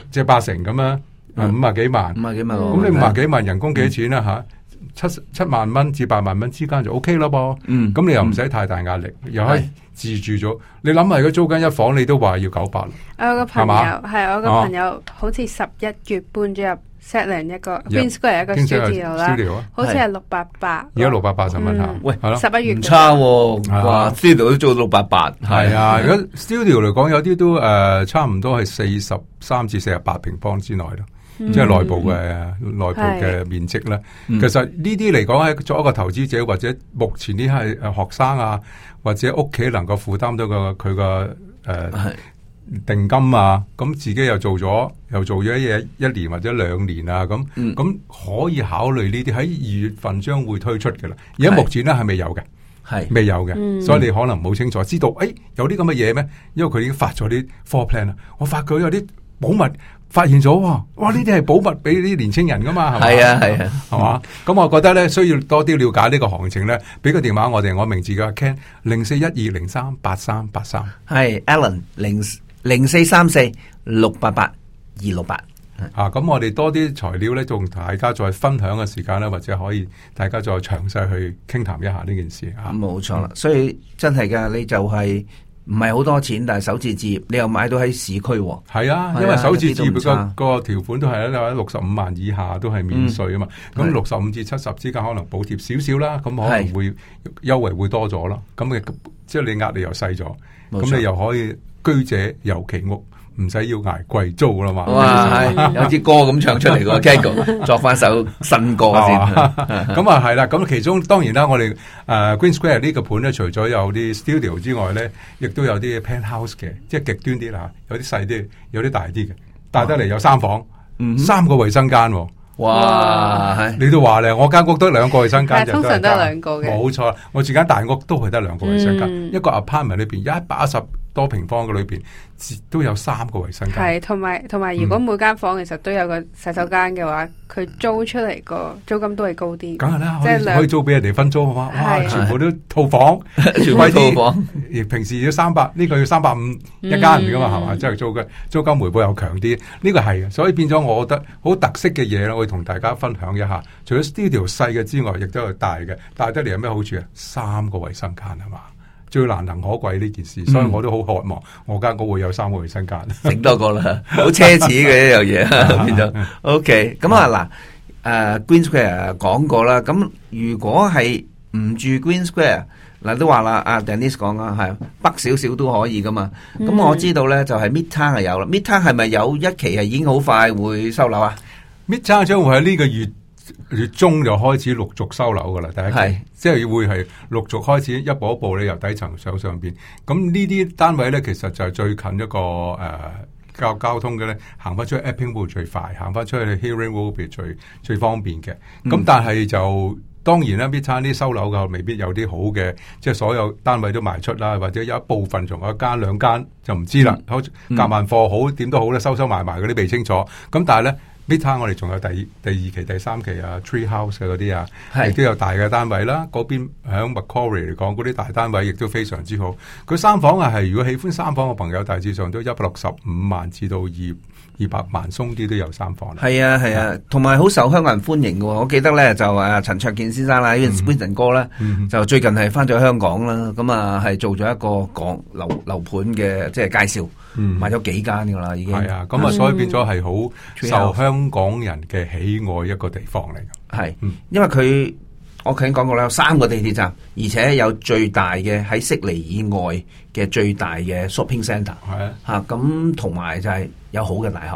S2: 借八成咁呀，嗯、五萬幾萬，五萬幾萬，咁你五萬幾萬人工幾多錢啊吓、嗯？七七萬蚊至八萬蚊之間就 OK 咯噃，咁、嗯、你又唔使太大壓力，嗯、又可以自住咗。是你諗下如果租緊一房，你都話要九百。
S1: 我個朋友係我個朋友，吧朋友好似十一月搬入。石樑一個，Prince 哥係一個 studio 啦，好
S2: 似係六百八，而家六百八十蚊，喂，十一月唔差，哇，studio 都做到六百八，係啊，如果 studio 嚟講，有啲都誒，差唔多係四十三至四十八平方之內咯，
S3: 即係內部
S2: 嘅內部嘅面積啦。其實呢啲嚟講係作一個投資者或者目前呢係誒學生啊，或者屋企能夠負擔到個佢個誒。定金啊，咁、嗯、自己又做咗，又做咗一嘢一年或者兩年啊，咁咁、嗯、可以考慮呢啲喺二月份將會推出嘅啦。而家目前咧係未有嘅，係未有嘅，所以你可能唔好清楚，知道誒、哎、有啲咁嘅嘢咩？因為佢已經發咗啲 floor plan 啦。我發覺有啲保密，發現咗，哇呢啲係保密俾啲年青人噶嘛，係咪，係啊係啊，係嘛？咁我覺得咧需要多啲了解呢個行情咧。俾個電話我哋，我名字叫阿 Ken，零四一二零三八三八三，係 Allen 零。零四三四六八八二六八啊！咁我哋多啲材料咧，仲同大家再分享嘅時間咧，或者可以大家再詳細去傾談一下呢件事啊！
S3: 冇錯啦，嗯、
S2: 所以真係噶，你
S3: 就係唔係好多錢，但係首次置業，你又買到喺市區、啊。係啊，因為首次置業、啊、
S2: 個條款都係咧，六十五萬以下都係免稅啊嘛。咁六十五至七十之間，可能補貼少少啦。咁可能會優的惠會多咗啦。咁嘅即係你壓力又細咗，咁錯你又可以。居者有其屋，唔使要挨貴租啦嘛！哇，有支歌咁唱出嚟個，Kago 作翻首新歌先。咁啊係啦，咁其中當然啦，我哋誒 Green Square 呢個盤咧，除咗有啲 studio 之外咧，亦都有啲 penthouse 嘅，即係極端啲啦，有啲細啲，有啲大啲嘅。大得嚟有三房，三個衛生間。哇，你都話咧，我間屋得兩個衛生間，通常得兩個嘅，冇錯。我住間大屋都係得兩個衛生間，一個 apartment 裏邊一百一十。多平方嘅裏邊，都有三個衞生間。
S1: 係，同埋同埋，如果每間房其實都有個洗手間嘅話，佢、嗯、租出嚟個租金都係高啲。梗係啦，可即可以
S2: 租俾人哋分租好嘛，哇是的 全部都套房，的 全部套房。平時要三百，呢個要三百五一間嚟噶嘛，係嘛？即、就、係、是、租嘅租金回報又強啲。呢、這個係，所以變咗我覺得好特色嘅嘢咯，我同大家分享一下。除咗 studio 細嘅之外，亦都有大嘅。大得嚟有咩好處啊？三個衞生間係嘛？是吧？最難能可貴呢件事，所以我都好渴望、嗯、我間屋會有三個衞生間，整多個啦，好 奢侈嘅一樣嘢。變咗 OK，咁啊嗱，誒、啊啊啊、Green Square 講過啦，
S3: 咁如果係唔住 Green Square，嗱都話啦，阿 Dennis 講啊，係、啊、北少少都可以噶嘛。咁、嗯、我知道咧就係、是、Midtown 係有啦，Midtown 係咪有一期
S2: 係已經好快會收樓啊？Midtown 將會喺呢個月。月中就開始陸續收樓噶啦，第一期是即係會係陸續開始一步一步咧由底層上上邊。咁呢啲單位咧，其實就係最近一個誒、呃，交交通嘅咧，行翻出去 Epping 路最快，行翻出去 Herring Road 最最方便嘅。咁、嗯、但係就當然咧，啲餐啲收樓嘅未必有啲好嘅，即係所有單位都賣出啦，或者有一部分仲有一間兩間就唔知啦。可能夾萬貨好點都好咧，收收埋埋嗰啲未清楚。咁但係咧。呢 i t 我哋仲有第二第二期、第三期啊，Tree House 啊嗰啲啊，亦是都有大嘅單位啦。嗰邊喺、啊、Macquarie 嚟講，嗰啲大單位亦都非常之好。佢三房啊，係如果喜歡三房嘅朋友，大致上都一百六十五萬至到二二百萬，鬆啲都有三房。
S3: 係啊係啊，同埋好受香港人歡迎嘅。我記得咧就誒、啊、陳焯楗先生啦，呢個 Spencer 哥啦，啊嗯、哼就最近係翻咗香港啦，咁啊係做咗一個
S2: 講樓樓盤嘅即係介紹。嗯，買咗幾間噶啦，已經係啊，咁啊、嗯，所以變咗係好受香港人嘅喜愛一個地方嚟。
S3: 係，因為佢我頭先講過啦，有三個地鐵站，而且有最大嘅喺悉尼以外嘅最大嘅 shopping center。係啊，吓，咁同埋就係有好嘅大學，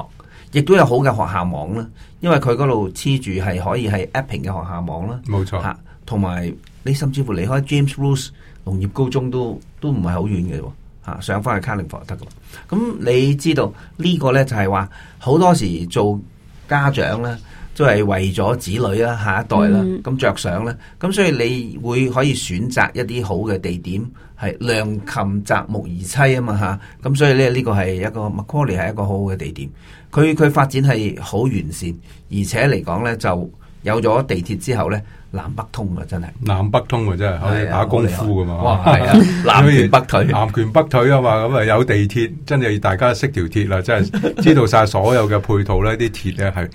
S3: 亦都有好嘅學校網啦。因為佢嗰度黐住係可以係 apping 嘅學校網啦。冇錯，吓、啊，同埋你甚至乎離開 James Ruse 農業高中都都唔係好遠嘅。上翻去卡靈就得噶，咁你知道呢個呢，就係話好多時候做家長呢，都係為咗子女啦、下一代啦，咁着想呢，咁所以你會可以選擇一啲好嘅地點，係良禽擇木而棲啊嘛吓，咁所以呢，呢個係一個、Macaulay 係一個好好嘅地點，佢佢發展係好完善，而且嚟講呢就。有咗地鐵之後咧，南北通啊，真係
S2: 南北通的啊，真係，可以打功夫㗎嘛！哇，啊、 南拳北腿，南拳北腿啊嘛，咁啊有地鐵，真係大家識條鐵啦，真係知道晒所有嘅配套咧，啲 鐵咧係。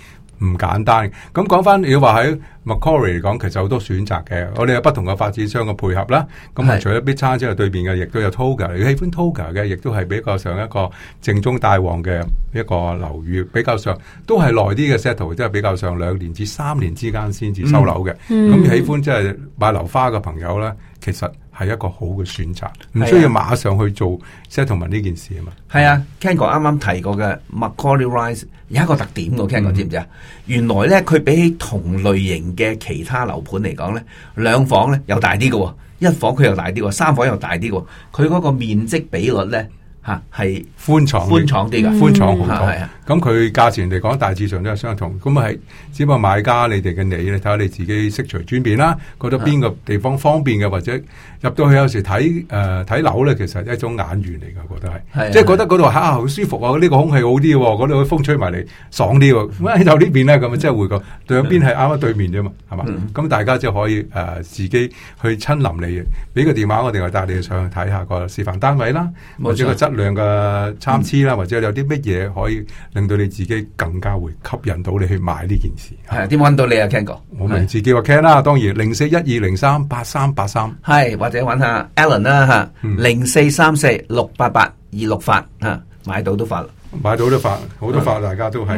S2: 唔簡單咁講翻，如果話喺 Macquarie 嚟講，其實好多選擇嘅，我哋有不同嘅發展商嘅配合啦。咁係除咗 Bit 差之外，對面嘅，亦都有 Toga。你喜歡 Toga 嘅，亦都係比較上一個正宗大王嘅一個樓宇，比較上都係耐啲嘅 settle，即係比較上兩年至三年之間先至收樓嘅。咁、嗯嗯、喜歡即係買樓花嘅朋友咧。其實係一個好嘅選擇，唔需要馬上去做 Settlement 呢件事啊嘛。
S3: 係啊，Ken 哥啱啱提過嘅 Macaulay Rise 有一個特點嘅，Ken 哥、嗯、知唔知啊？原來咧，佢比起同類型嘅其他樓盤嚟講咧，兩房咧又大啲嘅，一房佢又大啲，三房又大啲嘅，佢嗰
S2: 個面積比率咧。吓係寬敞，寬敞啲嘅，寬敞好多。係、嗯、啊，咁佢價錢嚟講，大致上都係相同。咁係只不過買家你你，你哋嘅你咧，睇下你自己適隨轉變啦。覺得邊個地方方便嘅，啊、或者入到去有時睇誒睇樓咧，其實一種眼緣嚟嘅。覺得係，啊、即係覺得嗰度吓好舒服啊！呢、這個空氣好啲、哦，嗰度風吹埋嚟，爽啲、哦。咁喺又呢邊咧，咁即真係會個兩邊係啱啱對面啫嘛，係嘛。咁、嗯、大家即可以誒、呃，自己去親臨你，俾個電話我哋，帶你上去睇下個示範單位啦，或者個量嘅參差啦，或者有啲乜嘢可以令到你自己更加會吸引到你去買呢件事？係，點揾到你啊？Ken 哥？我名字叫阿 Ken 啦，當然零四一二零三八三八三，係或者揾下 Allen 啦嚇，零四三四六八八二六發嚇，買到都發，買到都發，好多發，大家都係。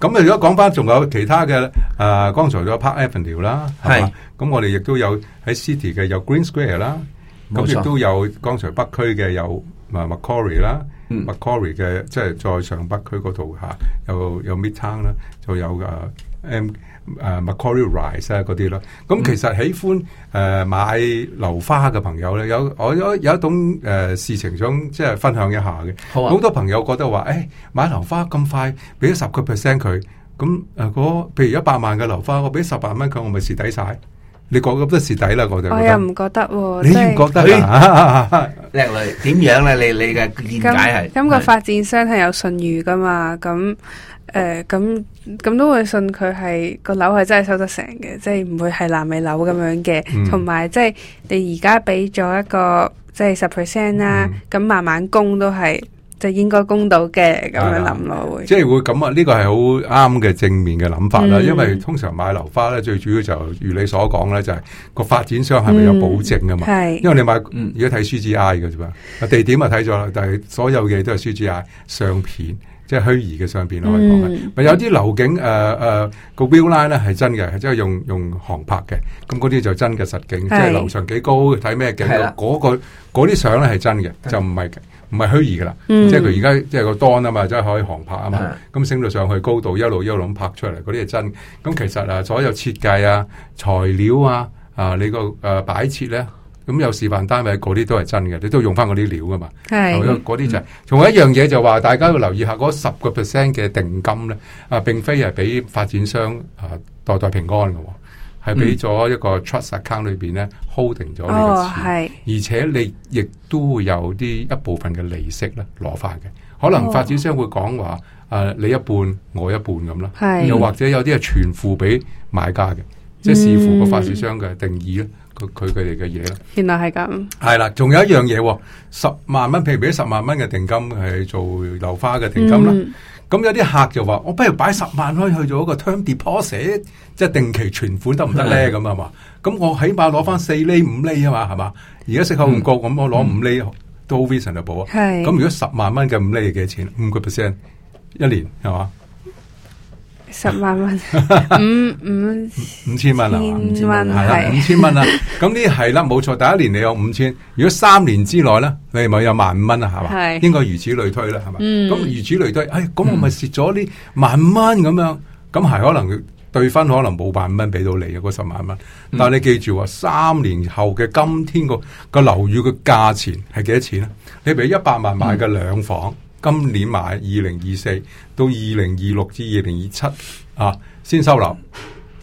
S2: 咁啊，如果講翻仲有其他嘅啊，剛才咗 Park Avenue 啦，係。咁我哋亦都有喺 City 嘅有 Green Square 啦，
S3: 咁亦都
S2: 有剛才北區嘅有。Macquarie 啦，Macquarie 嘅即係再上北區嗰度嚇，有有 Midtown 啦，就有誒 M、uh, 誒、uh, Macquarie Rise 啊嗰啲啦。咁其實喜歡誒、嗯呃、買樓花嘅朋友咧，有我有有一種誒、呃、事情想即係分享一下嘅。好、啊、好多朋友覺得話誒、欸、買樓花咁快俾咗十個 percent 佢，咁誒嗰譬如一百萬嘅樓花，我俾十八蚊佢，我咪蝕底晒。你講咁多蝕底啦，我哋我又唔
S1: 覺得喎。你唔
S2: 覺得啊？叻女點樣咧？你你嘅理解係咁，個
S1: 發展商係有信譽噶嘛？咁誒咁咁都會信佢係個樓係真係收得成嘅，即係唔會係爛尾樓咁樣嘅。同埋即係你而家俾咗一個即係十 percent 啦，咁慢慢供都係。就應該公道嘅咁樣
S2: 諗咯，會即係會咁啊！呢個係好啱嘅正面嘅諗法啦。因為通常買樓花咧，最主要就如你所講咧，就係個發展商係咪有保證㗎嘛？因為你買，如果睇書字 I 嘅啫嘛，地點啊睇咗啦，但係所有嘅都係書之 I 上片，即係虛擬嘅上片咯。我講嘅，有啲樓景誒誒 e 標 line 咧係真嘅，即係用用航拍嘅，咁嗰啲就真嘅實景，即係樓上幾高睇咩景嗰個嗰啲相咧係真嘅，就唔係。唔係虛擬噶啦，嗯，即係佢而家即係個當啊嘛，即、就、係、是、可以航拍啊嘛，咁、啊、升到上去高度一路一路咁拍出嚟，嗰啲係真。咁其實啊，所有設計啊、材料啊、啊你個誒、啊、擺設咧，咁有示範單位嗰啲都係真嘅，你都用返嗰啲料噶嘛。係是，嗰啲就係、是。仲、嗯、有一樣嘢就話，大家要留意下嗰十個 percent 嘅定金咧，啊並非係俾發展商啊代代平安喎、啊。係俾咗一個 trust account 裏邊咧 holding 咗呢個錢，哦、而且你亦都會有啲一部分嘅利息咧攞翻嘅。可能發展商會講話誒，你一半我一半咁啦，是又或者有啲係全付俾買家嘅，即係視乎個發展商嘅定義咯，佢佢哋嘅嘢咯。佢
S1: 佢原來係咁。
S2: 係啦，仲有一樣嘢，十萬蚊，譬如俾十萬蚊嘅定金，係做流花嘅定金啦。嗯咁、嗯、有啲客就話，我不如擺十萬去去做一個 term deposit，即係定期存款得唔得咧？咁啊嘛，咁我起碼攞翻四厘五厘啊嘛，係嘛？而家息口唔高，咁、嗯、我攞五厘都 reasonable 啊。係，咁如果十萬蚊嘅五厘係幾多錢？五個 percent 一年係嘛？
S1: 十萬蚊， 五五五千蚊啦，五千蚊係五
S2: 千蚊啦。咁呢係啦，冇錯。第一年你有五千，如果三年之內咧，你咪有萬五蚊啊，係嘛？是應該如此類推啦，係嘛？咁、嗯、如此類推，哎，咁我咪蝕咗呢萬蚊咁樣，咁係可能對分可能冇萬五蚊俾到你嘅嗰十萬蚊。但係你記住啊，嗯、三年後嘅今天個個樓宇嘅價錢係幾多錢咧？你俾一百萬買嘅兩房。嗯今年買二零二四到二零二六至二零二七啊，先收樓。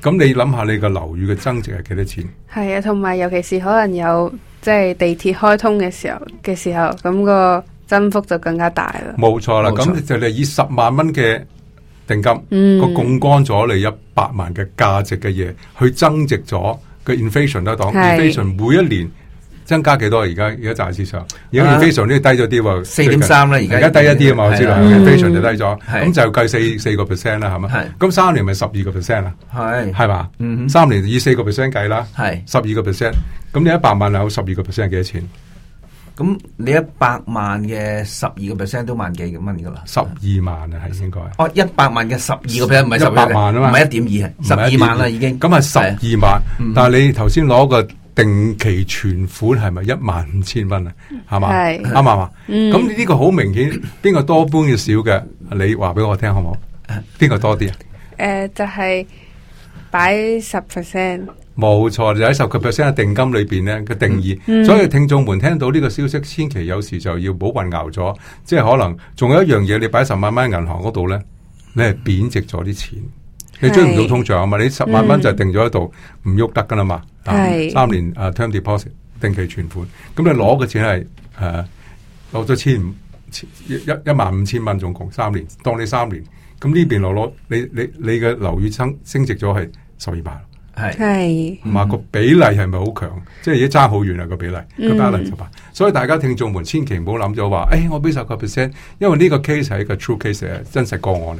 S2: 咁你諗下，你個樓宇嘅增值係幾多錢？
S1: 係啊，同埋尤其是可能有即係地鐵開通嘅時候嘅時候，咁個增幅就更加大啦。
S2: 冇錯啦，咁就你以十萬蚊嘅定金，個槓桿咗你一百萬嘅價值嘅嘢，去增值咗個 inflation 都當是 inflation 每一年。增加幾多？而家而家就係市場，而家非常啲低咗啲喎，四點三啦，而家低一啲啊嘛，我知道，非常就低咗，咁就計四四個 percent 啦，係嘛，咁三年咪十二個 percent 啦，係係嘛，嗯哼，三年以四個 percent 計啦，係十二個 percent，咁你一百萬有十二個 percent 係幾多錢？咁你一百萬嘅十二個 percent 都萬幾蚊噶啦，十二萬啊，係應該，哦一
S3: 百萬嘅十二個 percent 唔係十八萬啊嘛，唔係一點二係，十二萬啦已經，咁啊十二
S2: 萬，但係你頭先攞個。定期存款係咪一萬五千蚊啊？係嘛，啱嘛？咁呢個好明顯，邊個多搬嘅少嘅？你話俾我聽好唔好？邊個多啲啊？誒、
S1: 呃，就係擺十 percent，
S2: 冇錯，就喺十個 percent 嘅定金裏邊咧嘅定義。嗯嗯、所以聽眾們聽到呢個消息，千祈有時就要唔好混淆咗，即係可能仲有一樣嘢，你擺十萬蚊銀行嗰度咧，你係貶值咗啲錢。你追唔到通脹啊嘛？你十萬蚊就定咗喺度，唔喐得噶啦嘛。嗯、三年 term deposit 定期存款，咁係你攞嘅錢係誒攞咗千五千一，一一萬五千蚊，仲共三年，當你三年，咁呢邊攞攞你你你嘅樓宇升升值咗係十二萬，係
S1: 係，唔
S2: 係個比例係咪好強？即係已經差好遠啦個比例個 balance、嗯、所以大家聽眾們千祈唔好諗咗話，誒，我俾十個 percent，因為呢個 case 係一個 true case，真實個案嚟。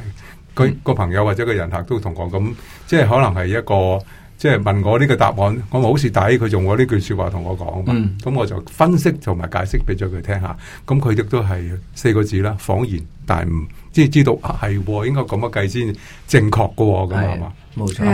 S2: 佢個朋友或者個人客都同我咁，即係可能係一個，即係問我呢個答案，我咪好蝕底，佢用我呢句說話同我講嘛。咁、嗯、我就分析同埋解釋俾咗佢聽下，咁佢亦都係四個字啦，恍然大悟，唔即係知道係、啊、應該咁樣計先正確㗎喎，咁係嘛？冇錯的。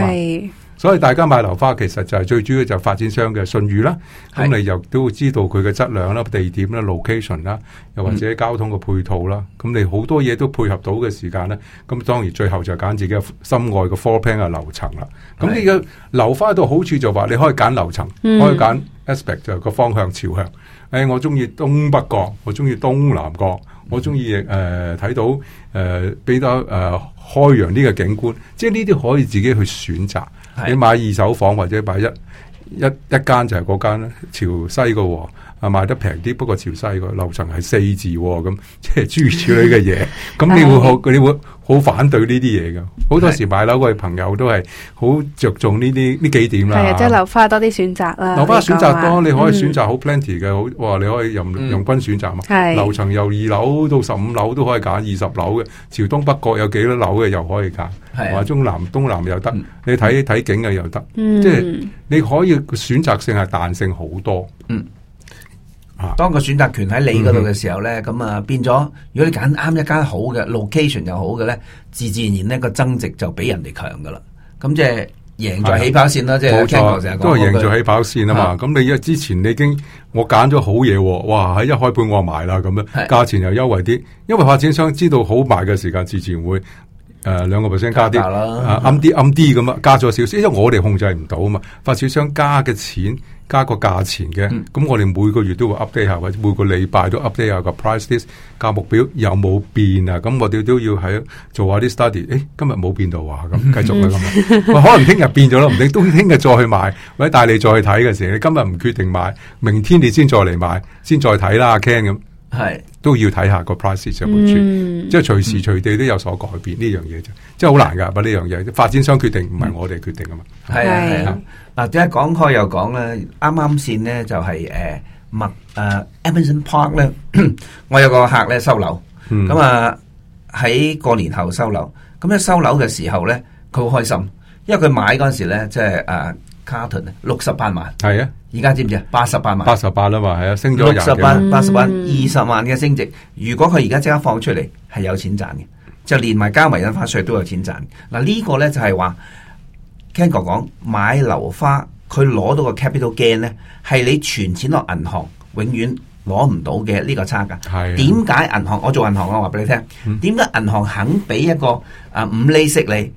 S2: 吧所以大家買樓花其實就係最主要就係發展商嘅信譽啦，咁是的 你又都會知道佢嘅質量啦、地點啦、location 啦，又或者交通嘅配套啦，咁、嗯、你好多嘢都配合到嘅時間咧，咁當然最後就揀自己嘅心愛嘅 four plan 嘅樓層啦。咁呢是的 個樓花嘅好處就話，你可以揀樓層，嗯、可以揀 aspect 就係個方向朝向。誒、嗯哎，我中意東北角，我中意東南角，我中意誒睇到誒、呃、比較誒、呃、開揚啲嘅景觀，即係呢啲可以自己去選擇。你買二手房或者買一一一間就係嗰間，朝西嘅喎，啊，賣得平啲，不過朝西個樓層係四字咁，即係諸如此類嘅嘢，咁你會好，你會好反對呢啲嘢嘅。好多時買樓嘅朋友都係好着重呢啲呢幾點啦。係啊，即係樓
S1: 花多啲選擇啦，樓花選擇多，你可以選擇
S2: 好 plenty 嘅，好哇，你可以任君選擇嘛。係樓層由二樓到十五樓都可以揀，二十樓嘅朝東北角有幾多樓嘅又可以揀。同埋中南東南又得，你睇睇景嘅又得。嗯，即係你可以選擇性係彈性好多。嗯。當個選擇權喺你嗰度嘅
S3: 時候咧，咁、嗯、哼啊，變咗，如果你揀啱一間好嘅 location 又好嘅咧，自自然然咧個增值就比人哋強噶啦。咁即係贏在起跑線啦，的即係冇錯，都係贏在起跑
S2: 線啊嘛。咁的你因為之前你已經我揀咗好嘢，哦，哇喺一開盤我買啦，咁樣價的錢又優惠啲，因為發展商知道好賣嘅時間之前會。誒，兩個 percent 加啲，暗啲暗啲咁啊，加咗少少，因為我哋控制唔到啊嘛，發展商加嘅錢，加個價錢嘅，咁我哋每個月都會 update 下，或者每個禮拜都 update 下個 price list，價目表有冇變啊？咁我哋都要喺做下啲 study，誒、哎，今日冇變到啊，咁繼續啦咁，嗯、可能聽日變咗咯，唔定都聽日再去買，或者，帶你再去睇嘅時候，你今日唔決定買，明天你先再嚟買，先再睇啦，Ken 咁。係都要睇下個 prices 上邊，即係隨時隨地都有所改變，呢樣嘢就，即係好難噶把呢樣嘢，發展商決定，唔係我哋決定噶嘛。係啊係啊，嗱，點解講
S3: 開又講咧，啱啱先咧就係誒麥誒 Emerson Park 咧，我有個客咧收樓，咁啊喺過年後收樓，咁一收樓嘅時候咧，佢好開心，因為佢買嗰陣時咧即係誒。卡屯六十八萬，係啊的，而家知唔知啊？八十八萬，八十八啦嘛，係啊，升咗廿幾萬。八十八，八十八，二十萬嘅升值。如果佢而家即刻放出嚟，係有錢賺嘅，就連埋加埋印花稅都有錢賺。嗱、啊，這個、呢個咧就係話，Ken 哥講買樓花，佢攞到, cap 呢到,到個 capital gain 咧，係你存錢落銀行永遠攞唔到嘅呢個差價。係，點解銀行？我做銀行我話俾你聽，點解銀行肯俾一個啊五厘息你？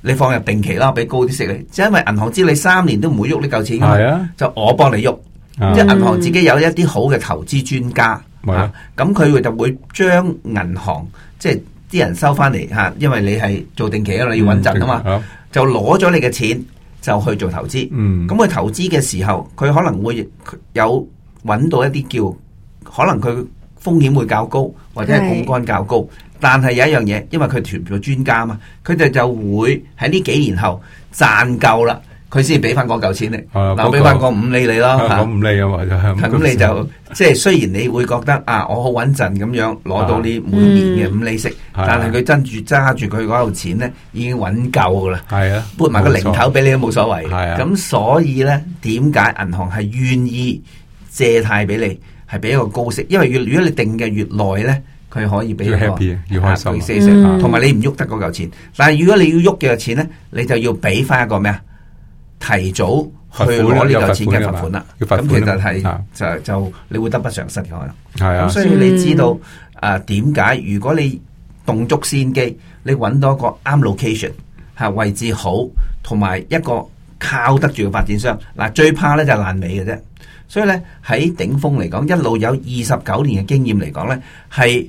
S3: 你放入定期啦，我俾高啲息你，即係因為銀行知你三年都唔會喐呢嚿錢，啊、就我幫你喐，啊、即係銀行自己有一啲好嘅投資專家，咁佢、啊啊、就會將銀行即係啲人收翻嚟，吓，因為你係做定期啦，你要穩陣啊嘛，就攞咗你嘅錢就去做投資，咁佢、啊、投資嘅時候，佢可能會有揾到一啲叫可能佢風險會較高，或者係槓桿較高。但係有一樣嘢，因為佢全部專家嘛，佢哋就會喺呢幾年後賺夠啦，佢先俾翻嗰嚿錢咧。啊，我俾翻個五厘，你咯，五厘啊
S2: 嘛就係。咁你就
S3: 即係雖然你會覺得啊，我好穩陣咁樣攞到你每年嘅五厘息，但係佢爭住揸住佢嗰嚿錢咧，已經揾夠噶啦。係啊，撥埋個零頭俾你都冇所謂。係啊，咁所以咧，點解銀行係願意借貸俾你係俾一個高息？因為越如果你定嘅越耐咧。佢可以俾你啊，要開心，同埋你唔喐得嗰嚿錢。嗯、但係如果你要喐嘅錢咧，你就要俾翻一個咩啊？提早去攞呢嚿錢嘅罰款啦。咁其實係就就你會得不償失嘅可能。啊、嗯。所以你知道啊？點解如果你動足先機，你揾到一個啱 location 係位置好，同埋一個靠得住嘅發展商嗱，最怕咧就爛尾嘅啫。所以咧喺鼎豐嚟講，一路有二十九年嘅經驗嚟講咧，係。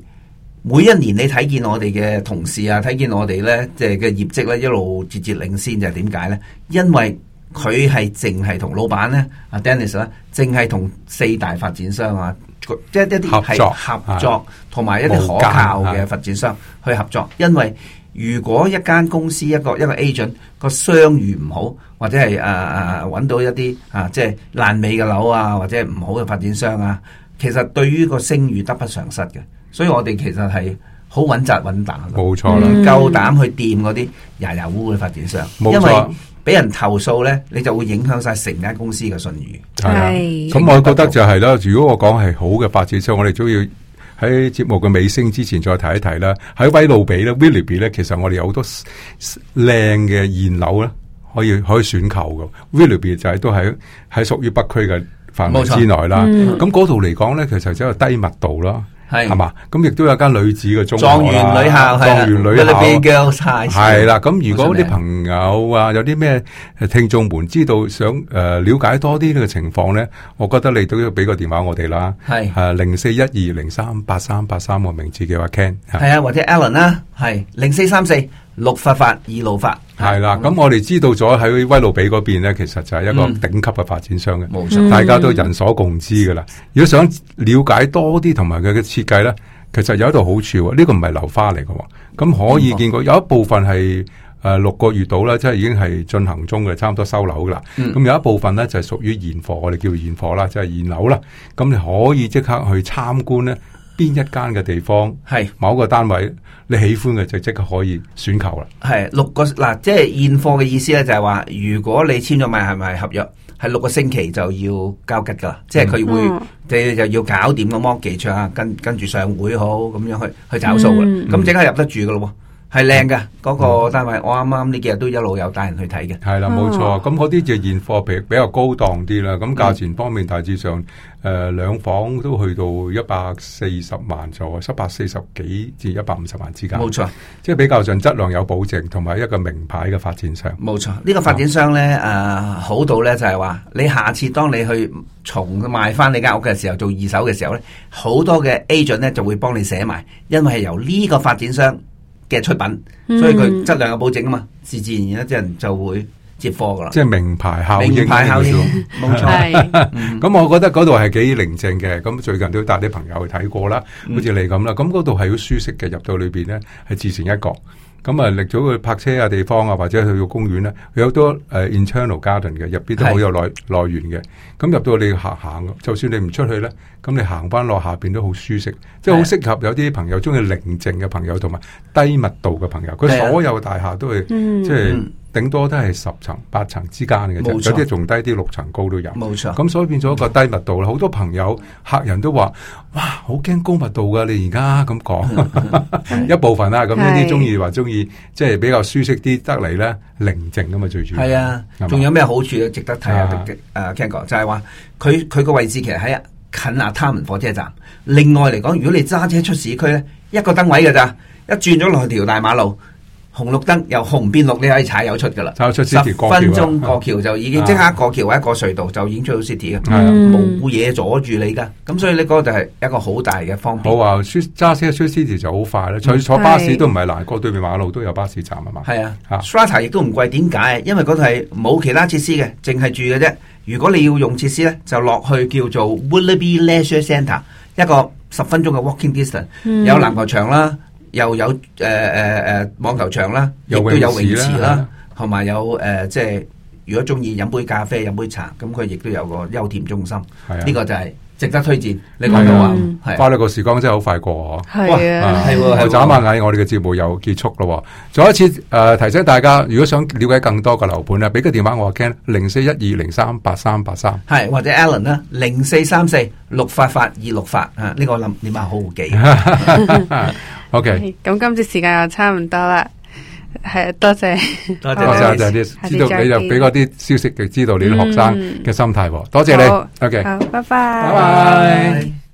S3: 每一年你睇見我哋嘅同事啊，睇見我哋呢，即係嘅業績呢，一路節節領先，就係點解呢？因為佢係淨係同老闆呢，阿 Dennis 呢，淨係同四大發展商啊，即係一啲合作合作，同埋一啲可靠嘅發展商去合作。因為如果一間公司一個的一個 agent 個商譽唔好，或者係誒誒揾到一啲啊，即係爛尾嘅樓啊，或者唔好嘅發展商啊，其實對於個聲譽得不償失嘅。所以我哋其實係好穩紮穩打，冇錯啦，夠膽去掂嗰啲牙牙烏嘅發展商，因為俾人投訴咧，你就會影響晒成間公司嘅信譽。
S2: 係，咁我覺得就係啦。如果我講係好嘅發展商，我哋都要喺節目嘅尾聲之前再提一提啦。喺威路比咧，Willoughby 咧，其實我哋有好多靚嘅現樓咧，可以可以選購嘅。Willoughby 就係都係喺屬於北區嘅範圍之內啦。咁嗰度嚟講咧，其實就係低密度啦。係，係嘛，咁亦都有間女子嘅中學啊，狀元女校係，狀元女校
S3: 嘅係啦。
S2: 咁如果啲朋友啊，有啲咩聽眾們知道，想誒了解多啲呢個情況咧，我覺得你都要俾個電話我哋啦。係，誒零四一二零三八三八三個名字叫阿 Ken，係啊或者
S3: Alan 啦，係零四三四六
S2: 八八二六八。係啦，咁我哋知道咗喺威魯比嗰邊咧，其實就係一個頂級嘅發展商嘅，嗯、大家都人所共知噶啦。如果想了解多啲同埋佢嘅設計咧，其實有一度好處喎，呢、這個唔係樓花嚟嘅，咁可以見過有一部分係誒、呃、六個月到啦，即係已經係進行中嘅，差唔多收樓噶啦。咁有一部分咧就係屬於現貨，我哋叫現貨啦，即係現樓啦。咁你可以即刻去參觀咧。邊一間嘅地方係是某個單位，你喜歡嘅就即刻可以選購啦。係六
S3: 個嗱，即係現貨嘅意思咧，就係話
S2: 如果你簽咗埋係咪合約，
S3: 係六個星期就要交吉噶啦。嗯、即係佢會，你、啊、就要搞掂個 mortgage 啊，跟跟住上會好咁樣去去找數啦。咁、嗯、即刻入得住噶咯喎。係靚嘅，嗰、那個單位、嗯、我啱啱呢幾日都一路有帶人去睇嘅。
S2: 係啦，冇錯。咁嗰啲就現貨比比較高檔啲啦。咁價錢方面大致上，誒兩、嗯呃、房都去到一百四十萬左右，一百四十幾至一百五十萬之間。冇錯錯，即係比較上質量有保證，同埋一個名牌嘅發展商。
S3: 冇錯，呢、這個發展商咧，誒、啊啊、好到咧就係話，你下次當你去重賣翻你間屋嘅時候，做二手嘅時候咧，好多嘅 agent 咧就會幫你寫埋，因為係由呢個發展商嘅出品，所以佢質
S2: 量有保證啊嘛，自、嗯、自然然啲人就會接貨噶啦。即係名牌效應，名牌效應，冇錯。咁我覺得嗰度係幾寧靜嘅，咁最近都帶啲朋友去睇過啦，好似你咁啦，咁嗰度係好舒適嘅，入到裏邊咧係自成一角。咁啊，力、嗯、早去泊車啊，地方啊，或者去個公園咧，有好多、呃、internal garden 嘅，入邊都好有內內園嘅。咁的、嗯、入到你行行，就算你唔出去咧，咁、嗯、你行翻落下邊都好舒適，即係好適合有啲朋友中意的寧靜嘅朋友同埋低密度嘅朋友。佢所有大廈都係即係。頂多都係十層、八層之間嘅啫。錯有啲仲低啲，六層高都有。冇錯錯。咁所以變咗一個低密度啦。好、嗯、多朋友，客人都話：哇，好驚高密度噶你而家咁講， 一部分啦、啊。咁呢啲中意話中意，即係的、就是、比較舒適啲得嚟咧，寧靜啊嘛，最主要。係啊，仲有咩
S3: 好處值得睇下誒？聽講的、uh, 就係、是、話，佢佢個位置其實喺近阿他門火車站。另外嚟講，如果你揸車出市區咧，一個燈位噶咋，一轉咗落條大馬路。紅綠燈由紅變綠，你可以踩油出噶啦，十分鐘過橋就已經即、啊、刻過橋或者過隧道就已經出到 city 嘅，冇嘢、啊、阻住你噶。咁所以咧嗰個就係一個好大嘅
S2: 方便。嗯、好啊，揸車出 city 就好快啦，坐坐巴士都唔係難，過對面馬路都有巴士站是是啊嘛。係啊，Strata 亦都唔貴，點解？因為嗰度係冇其他設施嘅，淨係住嘅啫。
S3: 如果你要用設施咧，就落去叫做 Willoughby Leisure Centre，一個十分鐘嘅 walking distance，、嗯、有籃球場啦。又有誒誒誒網球場啦，又都有泳池啦，同埋有誒、啊啊呃、即係如果中意飲杯咖啡，飲杯茶，咁佢亦都有個休憩中心。係的啊，呢個就係值得推薦。你睇到啊，花呢個
S2: 時光真係好快過係啊。係哇啊，係喎，眨一眼，我哋嘅節目又結束咯。再一次誒提醒大家，如果想了解更多嘅樓盤咧，俾個電話我聽零四一二零三八三八三，
S3: 係或者 Alan 啦零四三四六八八二六八啊，呢、這個諗你咪
S2: 好記。 OK，
S1: 咁今次時間又差唔多啦，係多謝，多謝，多謝，知道你就俾嗰啲消息就知道你啲學生嘅心態，多謝你。OK，好，拜拜 okay，拜拜。Bye bye bye bye